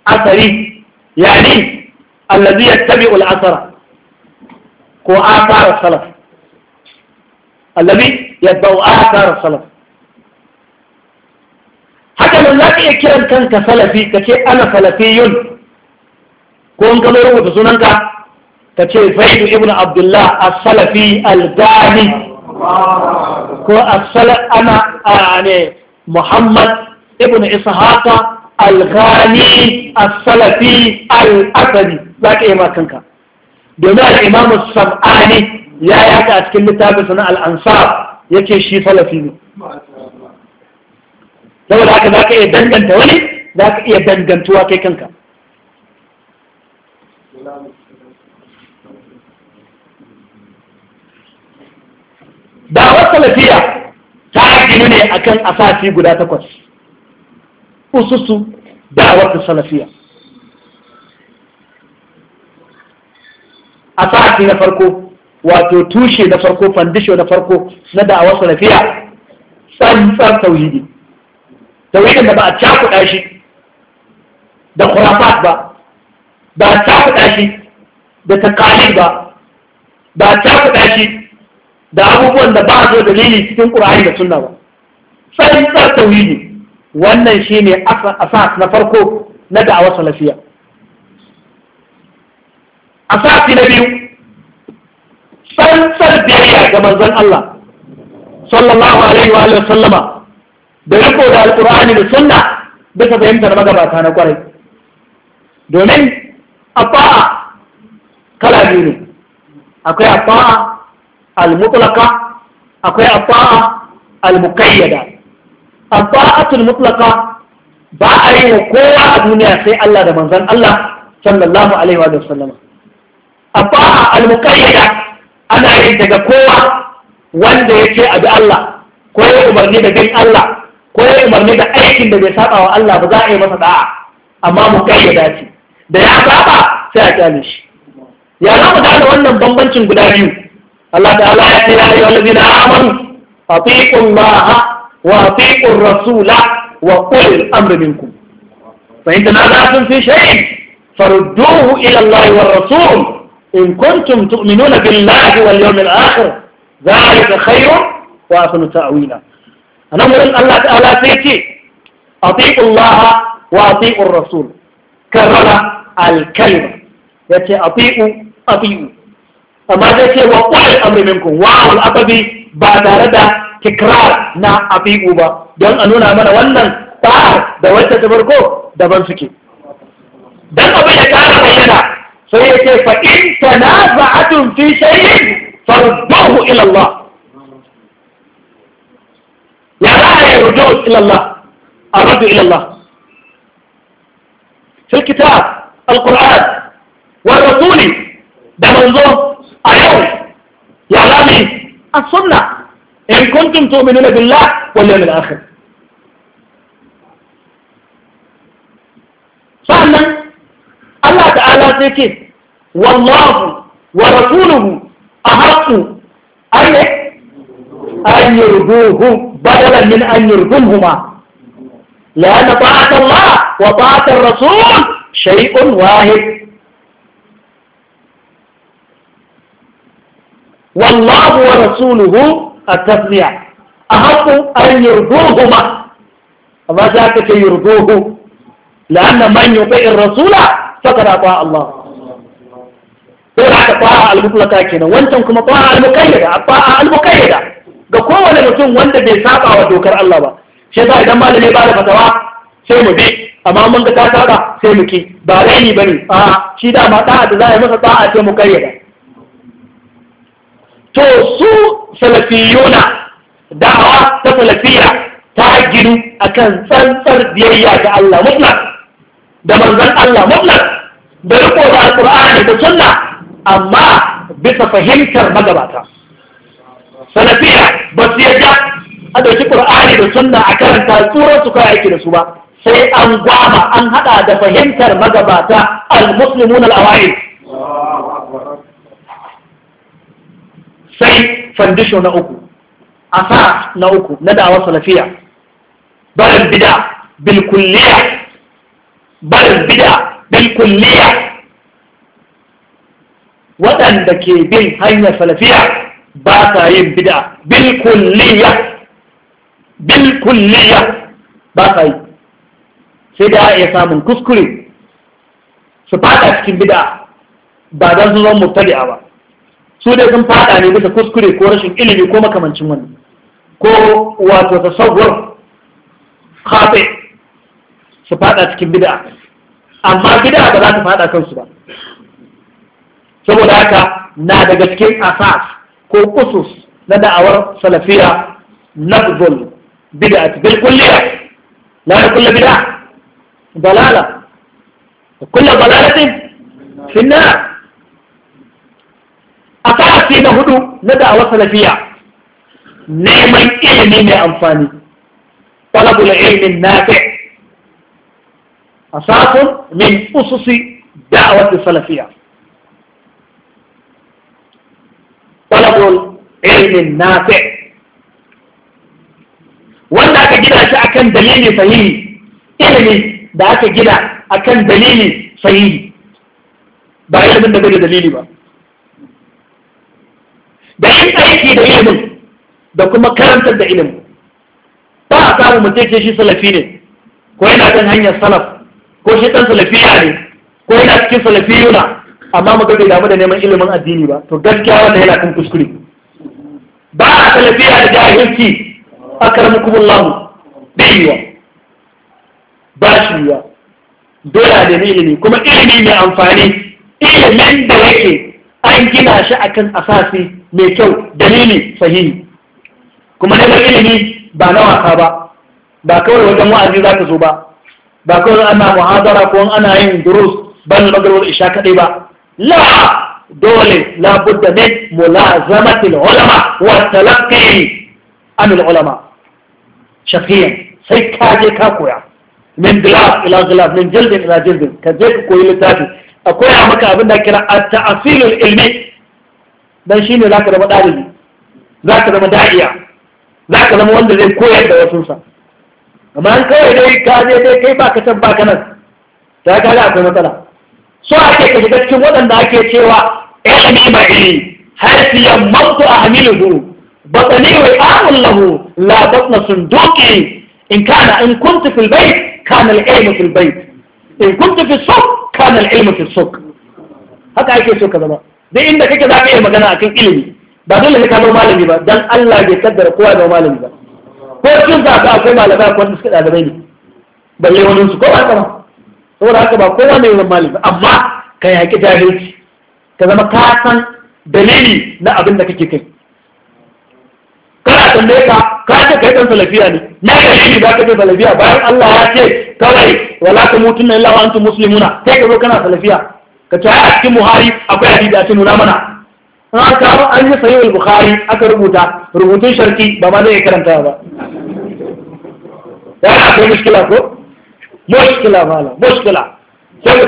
asari yani allazi ya tabi asara ko a fara salaf allazi ya bau a fara salaf haka nan za ka iya kiran kanka salafi ka ce ana salafiyun ko in gano rubuta sunanka ka ce zaidu ibn abdullah as-salafi al-gani ko ana ne muhammad ibn ishaqa al-gani as-salafi al-asadi za ka iya ma kanka domin al-imam sabani ya yaka a cikin littafin sunan al-ansar yake shi salafi ne saboda haka za ka iya danganta wani za ka iya dangantuwa kai kanka wata salafiya ta gini ne akan asafi guda takwas ususu wata salafiya asasi na farko wato tushe na farko fandisho na farko na da'awar salafiya tsantsar tauhidi da wajen da ba a cakuɗa shi da kurafat ba ba a cakuɗa shi da takalin ba ba a cakuɗa shi da abubuwan da ba a zo dalili cikin ƙura'ani da sunna ba tsarin tsar tauhidi wannan shine asas na farko na da'awar salafiya asasi na biyu tsantsar biyayya ga manzon Allah sallallahu alaihi wa sallama da riko da alƙur'ani da sunna bisa fahimtar magabata na kwarai domin abba'a kala biyu ne akwai abba'a al-mutlaka akwai abba'a al-muqayyada abba'atul mutlaka ba a yi wa kowa a duniya sai Allah da manzon Allah sallallahu alaihi wa sallama abba'a al-muqayyada ana yin daga kowa wanda yake abi Allah ko ya umarni da bin Allah ko ya umarni da aikin da bai saba wa Allah ba za a yi masa da'a amma mu kai ya dace da ya saba sai a kyale shi ya za mu gane wannan bambancin guda biyu Allah ta'ala ya ce ya ayyuhal ladina amanu atiqu Allah wa atiqu rasula wa ulil amri minkum fa in tanaza'tum fi shay'in farudduhu ila Allah war rasul in kuntum tu'minuna billahi wal yawmil akhir ذلك خير وأحسن تأويلا a nan wurin Allah ta'ala sai ce ati'ullaha wa ati'ur rasul karrara al-kalima yace ati'u ati'u amma zai ce wa qul amri minkum wa al ba tare da tikrar na ati'u ba don a nuna mana wannan ta'ar da wacce ta farko daban suke dan abin ya kara bayyana sai yace fa in tanaza'atun fi shay'in farbahu ila Allah يا داعي الرجوع إلى الله الرجوع إلى الله في الكتاب القرآن والرسول ده منظور أيوم يعلمي السنة إن كنتم تؤمنون بالله واليوم الآخر فعلا الله تعالى فيك والله ورسوله أحق أن أن يرجوه بدلا من أن يرجمهما لأن طاعة الله وطاعة الرسول شيء واحد والله ورسوله التسمية أحب أن يرجوهما ما ذاك يرجوه لأن من يطيع الرسول فقد أطاع الله طاعة المطلقة كنا وانتم كما طاعة المقيدة الطاعة ga kowane mutum wanda bai saba wa dokar Allah ba shi yasa idan malami ya bada fatawa sai mu bi amma mun ga ta saba sai mu ki ba raini bane a shi da ma da za a masa da'a sai mu karyata to su salafiyuna da'awa ta salafiya ta gidu akan tsantsar biyayya ga Allah mutlak da manzon Allah mutlak da riko da qurani da sunna amma bisa fahimtar magabata salafiya ba su yadda a ɗauki ƙur'ani da sunna a karanta tsoron su kawai aiki da su ba sai an gwama an haɗa da fahimtar magabata al-muslimun al-awa'il sai fandisho na uku asa na uku na dawa salafiya barin bida bilkulliya barin bida bilkulliya waɗanda ke bin hanyar salafiya ba sa yin bid'a bil kulliya ba sa yi sai da ya samun kuskure su fada cikin bid'a ba don su zama mubtadi'a ba su dai sun fada ne bisa kuskure ko rashin ilimi ko makamancin wani. ko wato ta tasawwur kafe su fada cikin bid'a amma bid'a ba za ta fada kansu ba saboda haka na daga cikin asas ko usus na سلفية salafiya naqdul بالكلية لا كل بدعة ضلالة وكل ضلالة في النار أطاعت فينا هدو ندع وصل فيها نعم العلم يا أنفاني طلب العلم النافع أساس من أسس دعوة السلفية talabul ilmin nafi wanda aka gina shi akan dalili sahihi ilimi da aka gina akan dalili sahihi ba ilimin da bai dalili ba da yin aiki da ilimin da kuma karantar da ilimin ba a samu mutum ce shi salafi ne ko yana kan hanyar salaf ko shi ɗan salafiya ne ko yana cikin salafiyuna amma mutum bai damu da neman ilimin addini ba to gaskiya wannan yana kan kuskure ba a talabiya da jahilci a Allah lamu ba shi ya dole a ilimi kuma ilimi mai amfani ilimin da yake an gina shi akan asasi mai kyau dalili sahihi kuma neman ilimi ba na wasa ba ba kawai wajen wa'azi za ka zo ba ba kawai ana muhadara ko ana yin durus na magarwar isha kaɗai ba لا دول بد من ملازمة العلماء والتلقي عن العلماء شفهيا سيكاجي كاكويا من غلاف إلى غلاف من جلد إلى جلد كذلك كوي لتاكي أكويا مكا أبنى كلا التأصيل العلمي dan shine zaka zama dalibi zaka zama da'iya zaka zama wanda zai koyar da wasu sa amma an kawai dai ka je dai kai baka can baka nan ta ga akwai matsala so ake ka shiga cikin waɗanda ake cewa ilimi mai ilimi haifiyan mabtu a hamiluhu batsani wa ƙa'un lahu la batna sunduki in kana in kuntu fil bait kana al-ilmu in kuntu fil suq kana al-ilmu fil haka ake so ka zama duk inda kake za ka iya magana akan ilimi ba dole ka zama malami ba dan Allah bai kaddara kowa zama malami ba ko kin za ka akwai malamai akwai wanda suka ɗalibai ne balle wani su ko ba ka ba saboda haka ba kowa ne zama malami amma ka yaƙi jahilci ka zama ka san dalili na abin da kake kai kana tambaye ka ka ce kai dan salafiya ne na ka shi da kake salafiya bayan Allah ya ce kawai wala ta mutunna illa wa antum muslimuna sai ka zo kana salafiya ka ce a cikin Buhari akwai hadisi da nuna mana in aka kawo an yi sahih al-Bukhari aka rubuta rubutun sharki ba ma zai karanta ba ya akwai mushkila ko مشكلة مالا مشكلة سوف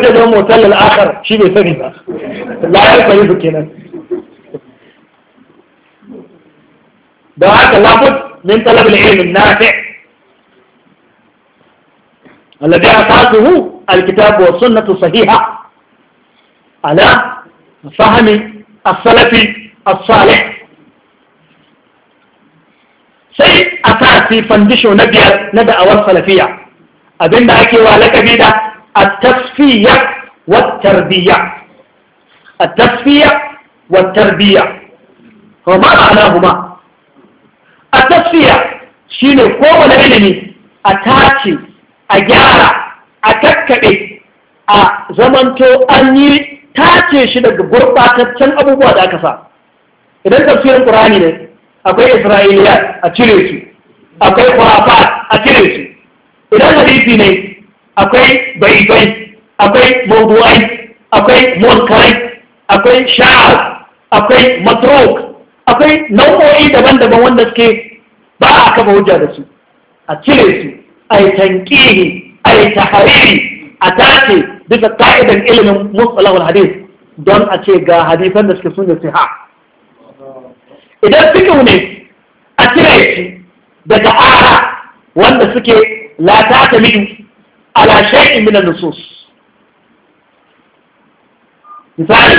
من طلب العلم النافع الذي أعطاته الكتاب والسنة الصحيحة على فهم السلف الصالح سيء أتاتي فندشو نبيع ندأ والسلفية abinda ake wa lakabi da a tasfiya wa tarbiya at-tasfiya wa tarbiya to ma ma'ana huma at-tasfiya shine kowane ilimi a tace a gyara a kakkaɓe a zamanto an yi tace shi daga gurɓataccen abubuwa da aka sa idan tafsirin ƙurani ne akwai isra'iliya a cire su akwai kwafa a cire su idan hadisi ne akwai baibai akwai mawdu'ai akwai munkarai akwai sha'ar akwai matrok, akwai nau'o'i daban-daban wanda suke ba a kafa hujja da su a cire su a yi tankihi a yi tahariri a tace bisa ka'idan ilimin al hadis don a ce ga hadisan da suke sunan siha idan fikihu ne a cire shi daga ara wanda suke la ta tamidu ala shay'in min an-nusus misali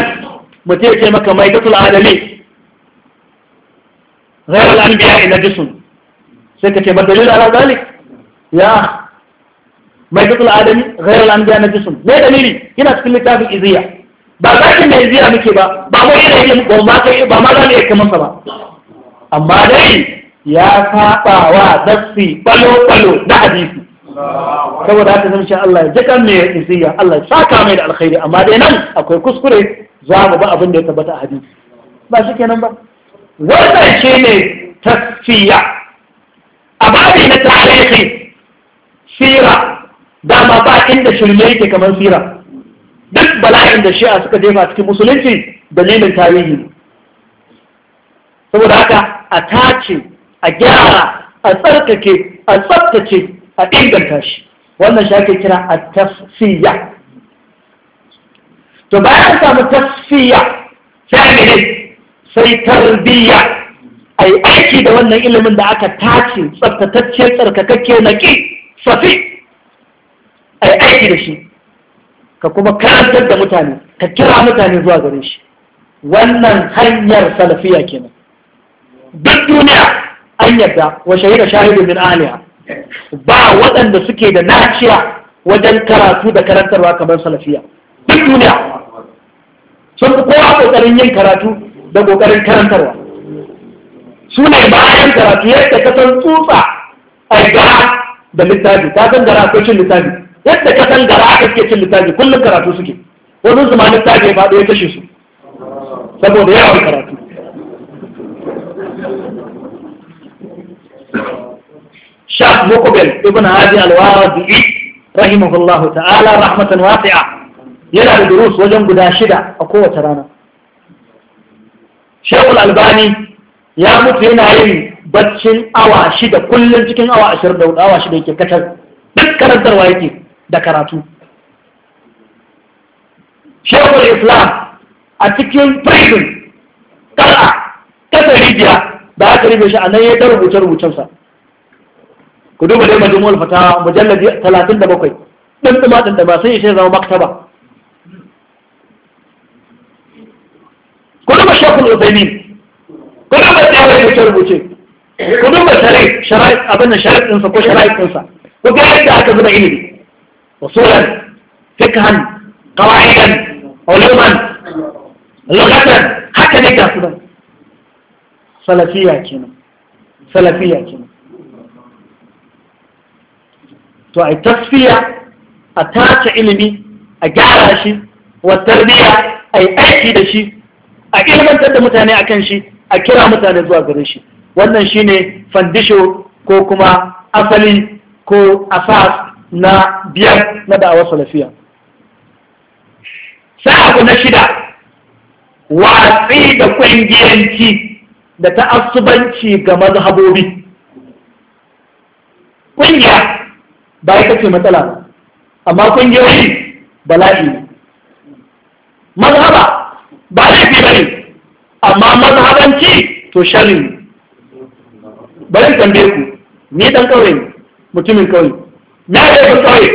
mutum ya ce maka mai datul adami ghayr al-anbiya ila jisun sai ka ce ba dalil ala zalik ya mai datul adami ghayr al na jisun me dalili yana cikin littafin iziya ba zakin da iziya muke ba ba mu yana yi ba ma ba ma za iya kamansa ba amma dai ya saba wa nassi balo-balo na hadisi saboda haka zan sha Allah ya ji mai isiya Allah ya saka mai da alkhairi amma dai nan akwai kuskure za mu ba abin da ya tabbata a hadisi ba shi kenan ba wannan shi ne tasfiya a bari na tarihi sira dama ba inda shirme yake kamar sira duk bala'in da shi'a suka jefa cikin musulunci dalilin tarihi ne saboda haka a tace a gyara a tsarkake a tsabtace a inganta shi wannan shi ake kira a tafiya. to bayan an samu tasfiya sai ne sai tarbiyya a yi aiki da wannan ilimin da aka tace tsabtatacce tsarkakakke na ƙi safi a yi aiki da shi ka kuma karantar da mutane ka kira mutane zuwa gare shi wannan hanyar salafiya kenan duk duniya an yadda wa shahida shahidu min aliya ba waɗanda suke da naciya wajen karatu da karantarwa kamar salafiya duk duniya sun fi kowa ƙoƙarin yin karatu da ƙoƙarin karantarwa su ne bayan karatu yadda ka san tsutsa a gara da littafi ta san gara ko cin littafi yadda ka san gara aka cin littafi kullum karatu suke wasu su ma littafi ya faɗo ya kashe su saboda yawan karatu الشيخ مقبل ابن عادي الواردي رحمه الله تعالى رحمة واسعة يلا دروس وجن قدا شدة أقوة ترانا شيخ الألباني يا مطلين عين بطشن أوا شدة كل تكن أوا عشر دول أوا شدة كتل ذكر الدروايتي دكراتو شيخ الإسلام أتكين بريدن قرأ كتل ريديا da aka rubuta a nan ya ta rubuce-rubucensa ku duba dai majmu'ul fatawa mujalladi 37 dan kuma dan da ba sai sai zama maktaba ku duba shafin ubaini ku duba tsare da rubuce ku duba shari'a shari'a abin shari'a din sa ko shari'a din sa ku ga yadda aka zuba ilimi usulan fikhan qawaidan uluman lugatan haka ne ga su salafiyya kenan salafiyya kenan to a tasfiya a tace ilimi a gyara shi wa tarbiya a yi aiki da shi a ilmantar da mutane a kan shi a kira mutane zuwa gare shi wannan shi ne fandisho ko kuma asali ko asas na biyar na da'awar salafiya sai abu na shida watsi da kungiyanci da ta ta'assubanci ga mazhabobi kungiya ba ita ce matsala ba amma kungiyoyi bala'i mazhaba ba laifi ba ne amma mazhabanci to shari ne bari tambaye ku ni dan kauye mutumin kauye na da ba kauye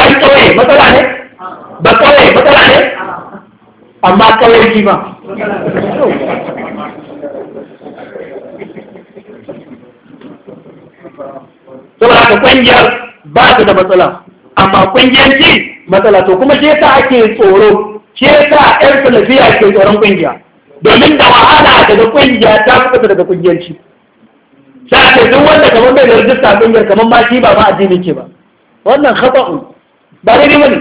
dan kauye matsala ne ba kauye matsala ne amma kauye ji ba saboda ka kwanjiyar ba ta da matsala amma kungiyanci matsala to kuma shi ake tsoro shi yasa yan salafiya ke tsoron kungiya domin da wahala daga kungiya ta fi kasa daga kungiyanci Sa ce duk wanda kamar bai rajista kungiyar kamar ma shi ba ma addini ke ba wannan khata'u ba dai bane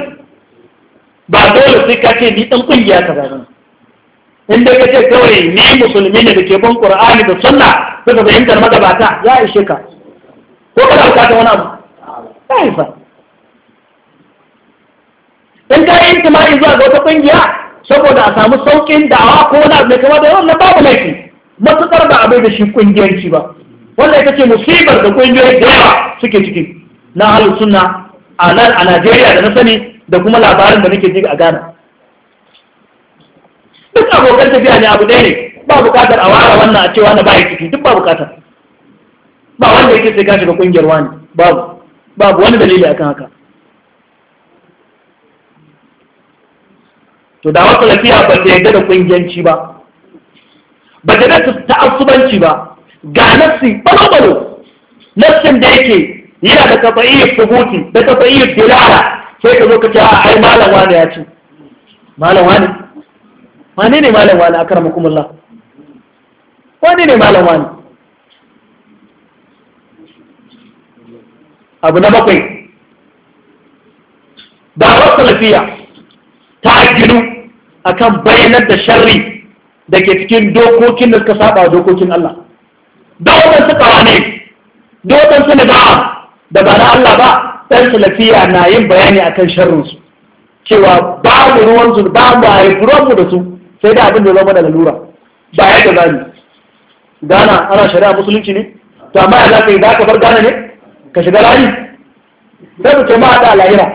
ba dole sai ka ce ni dan kungiya ka ba in dai kace kawai ni musulmi ne da ke bin qur'ani da sunna suka fahimtar magabata ya ishe ka ko kana ta wani abu ya haifar in ka yi intima'i zuwa ga wata ƙungiya saboda a samu sauƙin dawa ko wani abu mai kama da wannan babu laifi matuƙar ba abai da shi ƙungiyanci ba wanda ita ce musibar da ƙungiyoyi da yawa suke ciki na halin suna a nan a najeriya da na sani da kuma labarin da nake ji a ghana duk abokan tafiya ne abu ɗaya ne ba buƙatar a ware wannan a cewa na ba ya ciki duk ba buƙatar ba wanda yake sai ka shiga ƙungiyar wani babu babu wani dalili akan haka to da wasu lafiya ba ta yadda da kungiyanci ba ba ta yadda asubanci ba ga nassi balo-balo nassin da yake yana da kafa'iyyar subuti da kafa'iyyar dilala sai ka zo ka ce ai malam wani ya ci malam wani wane ne malam wani a makumullah wani ne malam wani abu na bakwai wasu lafiya ta a akan bayanar da sharri da ke cikin dokokin da suka saba dokokin Allah da wane dokokin da waɗansu nida'a da ba na Allah ba ɗan salafiya na yin bayani akan sharrinsu cewa ba mu ruwansu ba mu haifuranmu da su sai da abin da zama da lalura ba ya da zani gana ana shari'a musulunci ne to amma ya za ka yi za ka bar gana ne ka shiga layi sai ku ce ma haɗa lahira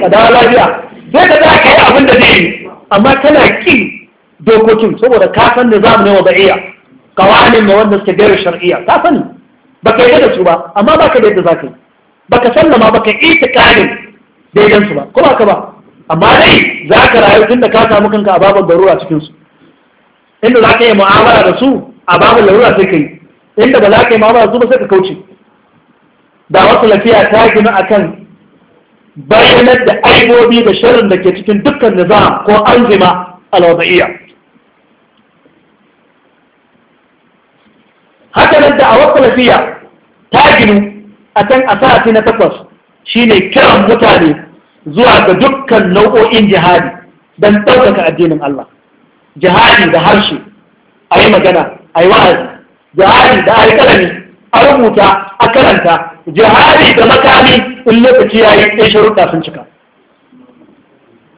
ka dawo lafiya sai ka za ka yi abin da zai yi amma kana ƙin dokokin saboda ka san da za mu ne wa ba'iya kawanin ne wanda suke gari shar'iyya ka sani ba ka yi da su ba amma ba ka da yadda za ka yi ba ka sallama ba ka da ƙarin su ba ko ba ka ba amma dai za ka rayu tun da ka samu kanka a babar barura cikinsu inda za ka yi mu'amala da su a babar larura sai ka yi inda ba za ka yi mu'amala da su ba sai ka kauce da wasu lafiya ta gina akan bayanar da aibobi da sharin da ke cikin dukkan nizam ko anzima alwada'iyya haka nan da a wasu lafiya ta ginu akan asati na takwas shine kiran mutane zuwa ga dukkan nau'o'in jihadi don ɗaukaka addinin Allah jihadi da harshe a yi magana a yi wa'azi jihadi da a yi kalami a rubuta a karanta jihadi da makami in lokaci ya yi ɗai sharuɗa sun cika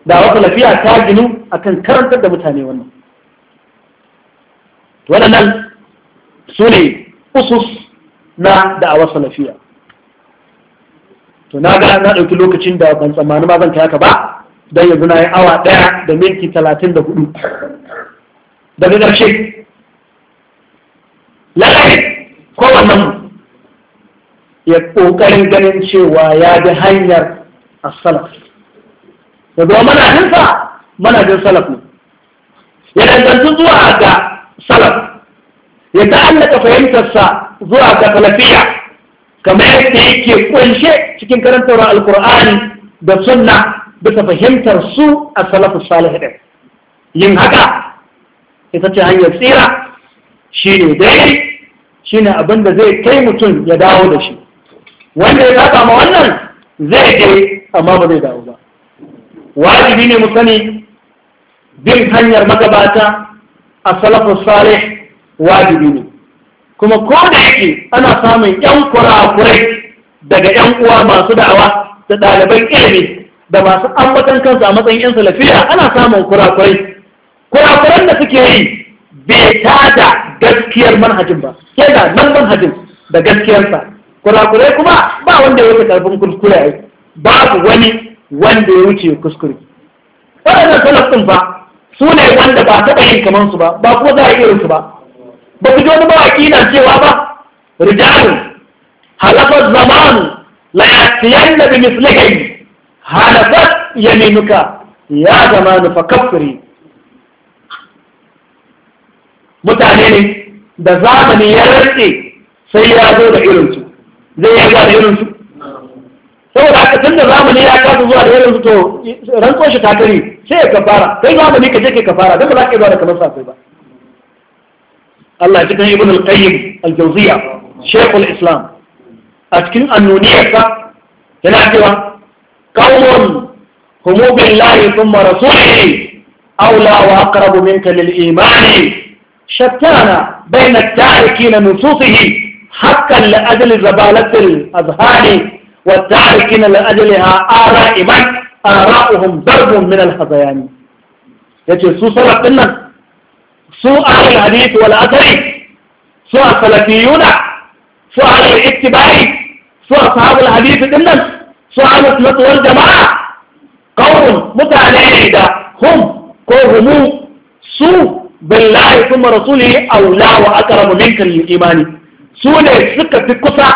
da wata lafiya ta ginu akan karantar da mutane wannan waɗannan su ne usus na da'awar salafiya to na ga na ɗauki lokacin da ban tsammani ma zan kai haka ba don yanzu na yi awa ɗaya da minti talatin da hudu daga ƙarshe lalai kowannen mu ya ƙoƙarin ganin cewa ya bi hanyar a salaf ya zama manajinsa manajin salaf ne ya dangantu zuwa ga salaf ya ta'allaka fahimtarsa zuwa ga salafiya kamar yadda yake kunshe cikin karantar alkur'ani da sunna bisa fahimtar su a salafu salih din yin haka ita ce hanyar tsira shine dai shine abin da zai kai mutum ya dawo da shi wanda ya saba ma wannan zai je amma ba zai dawo ba wajibi ne mu sani bin hanyar magabata a salafin salih wajibi ne kuma ko da yake ana samun yan kurakurai daga yan uwa masu da'awa da ɗaliban ilimi da masu ambatan kansu a matsayin yan salafiya ana samun kurakurai kurakuran da suke yi bai tada gaskiyar manhajin ba sai da nan manhajin da gaskiyarsa kurakurai kuma ba wanda ya wuce karfin kuskure ai babu wani wanda ya wuce kuskure waɗannan salafin ba su ne wanda ba taɓa yin kamar su ba ba kuma za a yi su ba ba ku ji wani mawaƙi na cewa ba rijalun halafar zamanu la yatiyanna bi mislihi halafat yaminuka ya zamanu fa kafiri mutane ne da zamani ya rantse sai ya zo da irinsu zai yi da irin su saboda haka tun da zamani ya kasa zuwa da irin su to rantsuwar shi ta kare sai ya kafara kai zamani ka je ka kafara don ba za ka yi zuwa da kamar sa sai ba Allah ya cikin ibn al-qayyim al-jawziya shaykhul islam a cikin annuniyarsa yana cewa qawmun humu billahi thumma rasulihi awla wa aqrabu minka lil imani shattana bayna at-tarikina nususihi حقا لأجل زبالة الأذهان والتعركين لأجلها آراء من آراءهم ضرب من الخضيان يجي سو صلق لنا سو أهل الحديث والأثر سوء الصلفيون سوء أهل الاتباع سوء أصحاب الحديث لنا سوء أهل السنة والجماعة قوم متعليدة هم قوم سوء بالله ثم رسوله أولى وأكرم منك الإيمان su ne suka fi kusa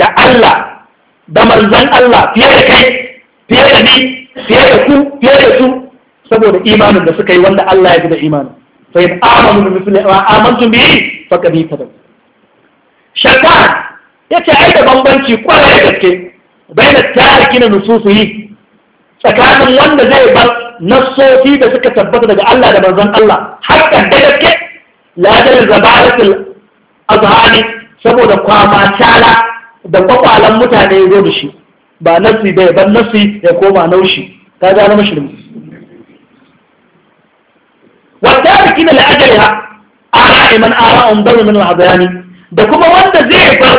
da Allah da manzan Allah fiye da kai fiye da ni fiye da ku fiye da su saboda imanin da suka yi wanda Allah ya fi da imanin fa in amanu bi mithli ma amantum bihi faqad ya ce yace ai da bambanci kwarai da gaske gina tarikina yi tsakanin wanda zai bar nassofi da suka tabbata daga Allah da manzan Allah hakan da gaske la da zabaratul azhani saboda kwama tala da kwakwalan mutane ya zo da shi ba nasi bai ban nasi ya koma naushi ta ga na mashirin wata rikin al'ajari ha ara iman ara an bari min al'adani da kuma wanda zai bar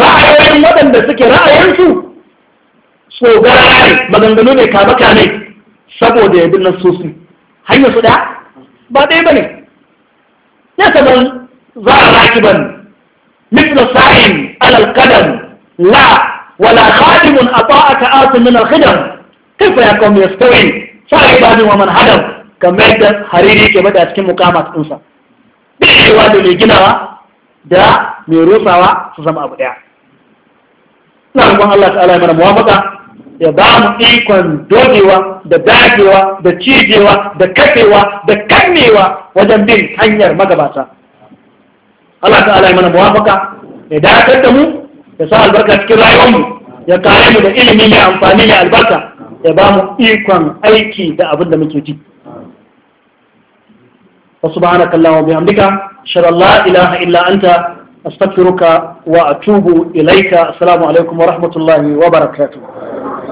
ra'ayoyin waɗanda suke ra'ayinsu tsogara ne maganganu ne kamaka ne saboda ya bi nasosi hanyar su ɗaya ba ɗaya ba ne ya saman ظهر راكبا مثل صائم على القدم لا ولا خادم اطاءك اس من الخدم كيف يكون يستوي صاحب ومن هدم كما يد حريري كما بدا cikin مقامات انسا بيجي واد اللي جنا دا مي روسوا سسم ابو ديا نعم الله تعالى من موافقه ya ba mu ikon dogewa da dagewa da cijewa da kafewa da kannewa wajen bin hanyar magabata Allah ta'ala ya mana muwafaka ya dakatar da mu ya sa albarka cikin rayuwarmu ya kare mu da ilimi mai amfani mai albarka ya ba mu ikon aiki da abin da muke ji wa subhanaka allahumma bihamdika shar la ilaha illa anta astaghfiruka wa atubu ilaika assalamu alaikum wa rahmatullahi wa barakatuh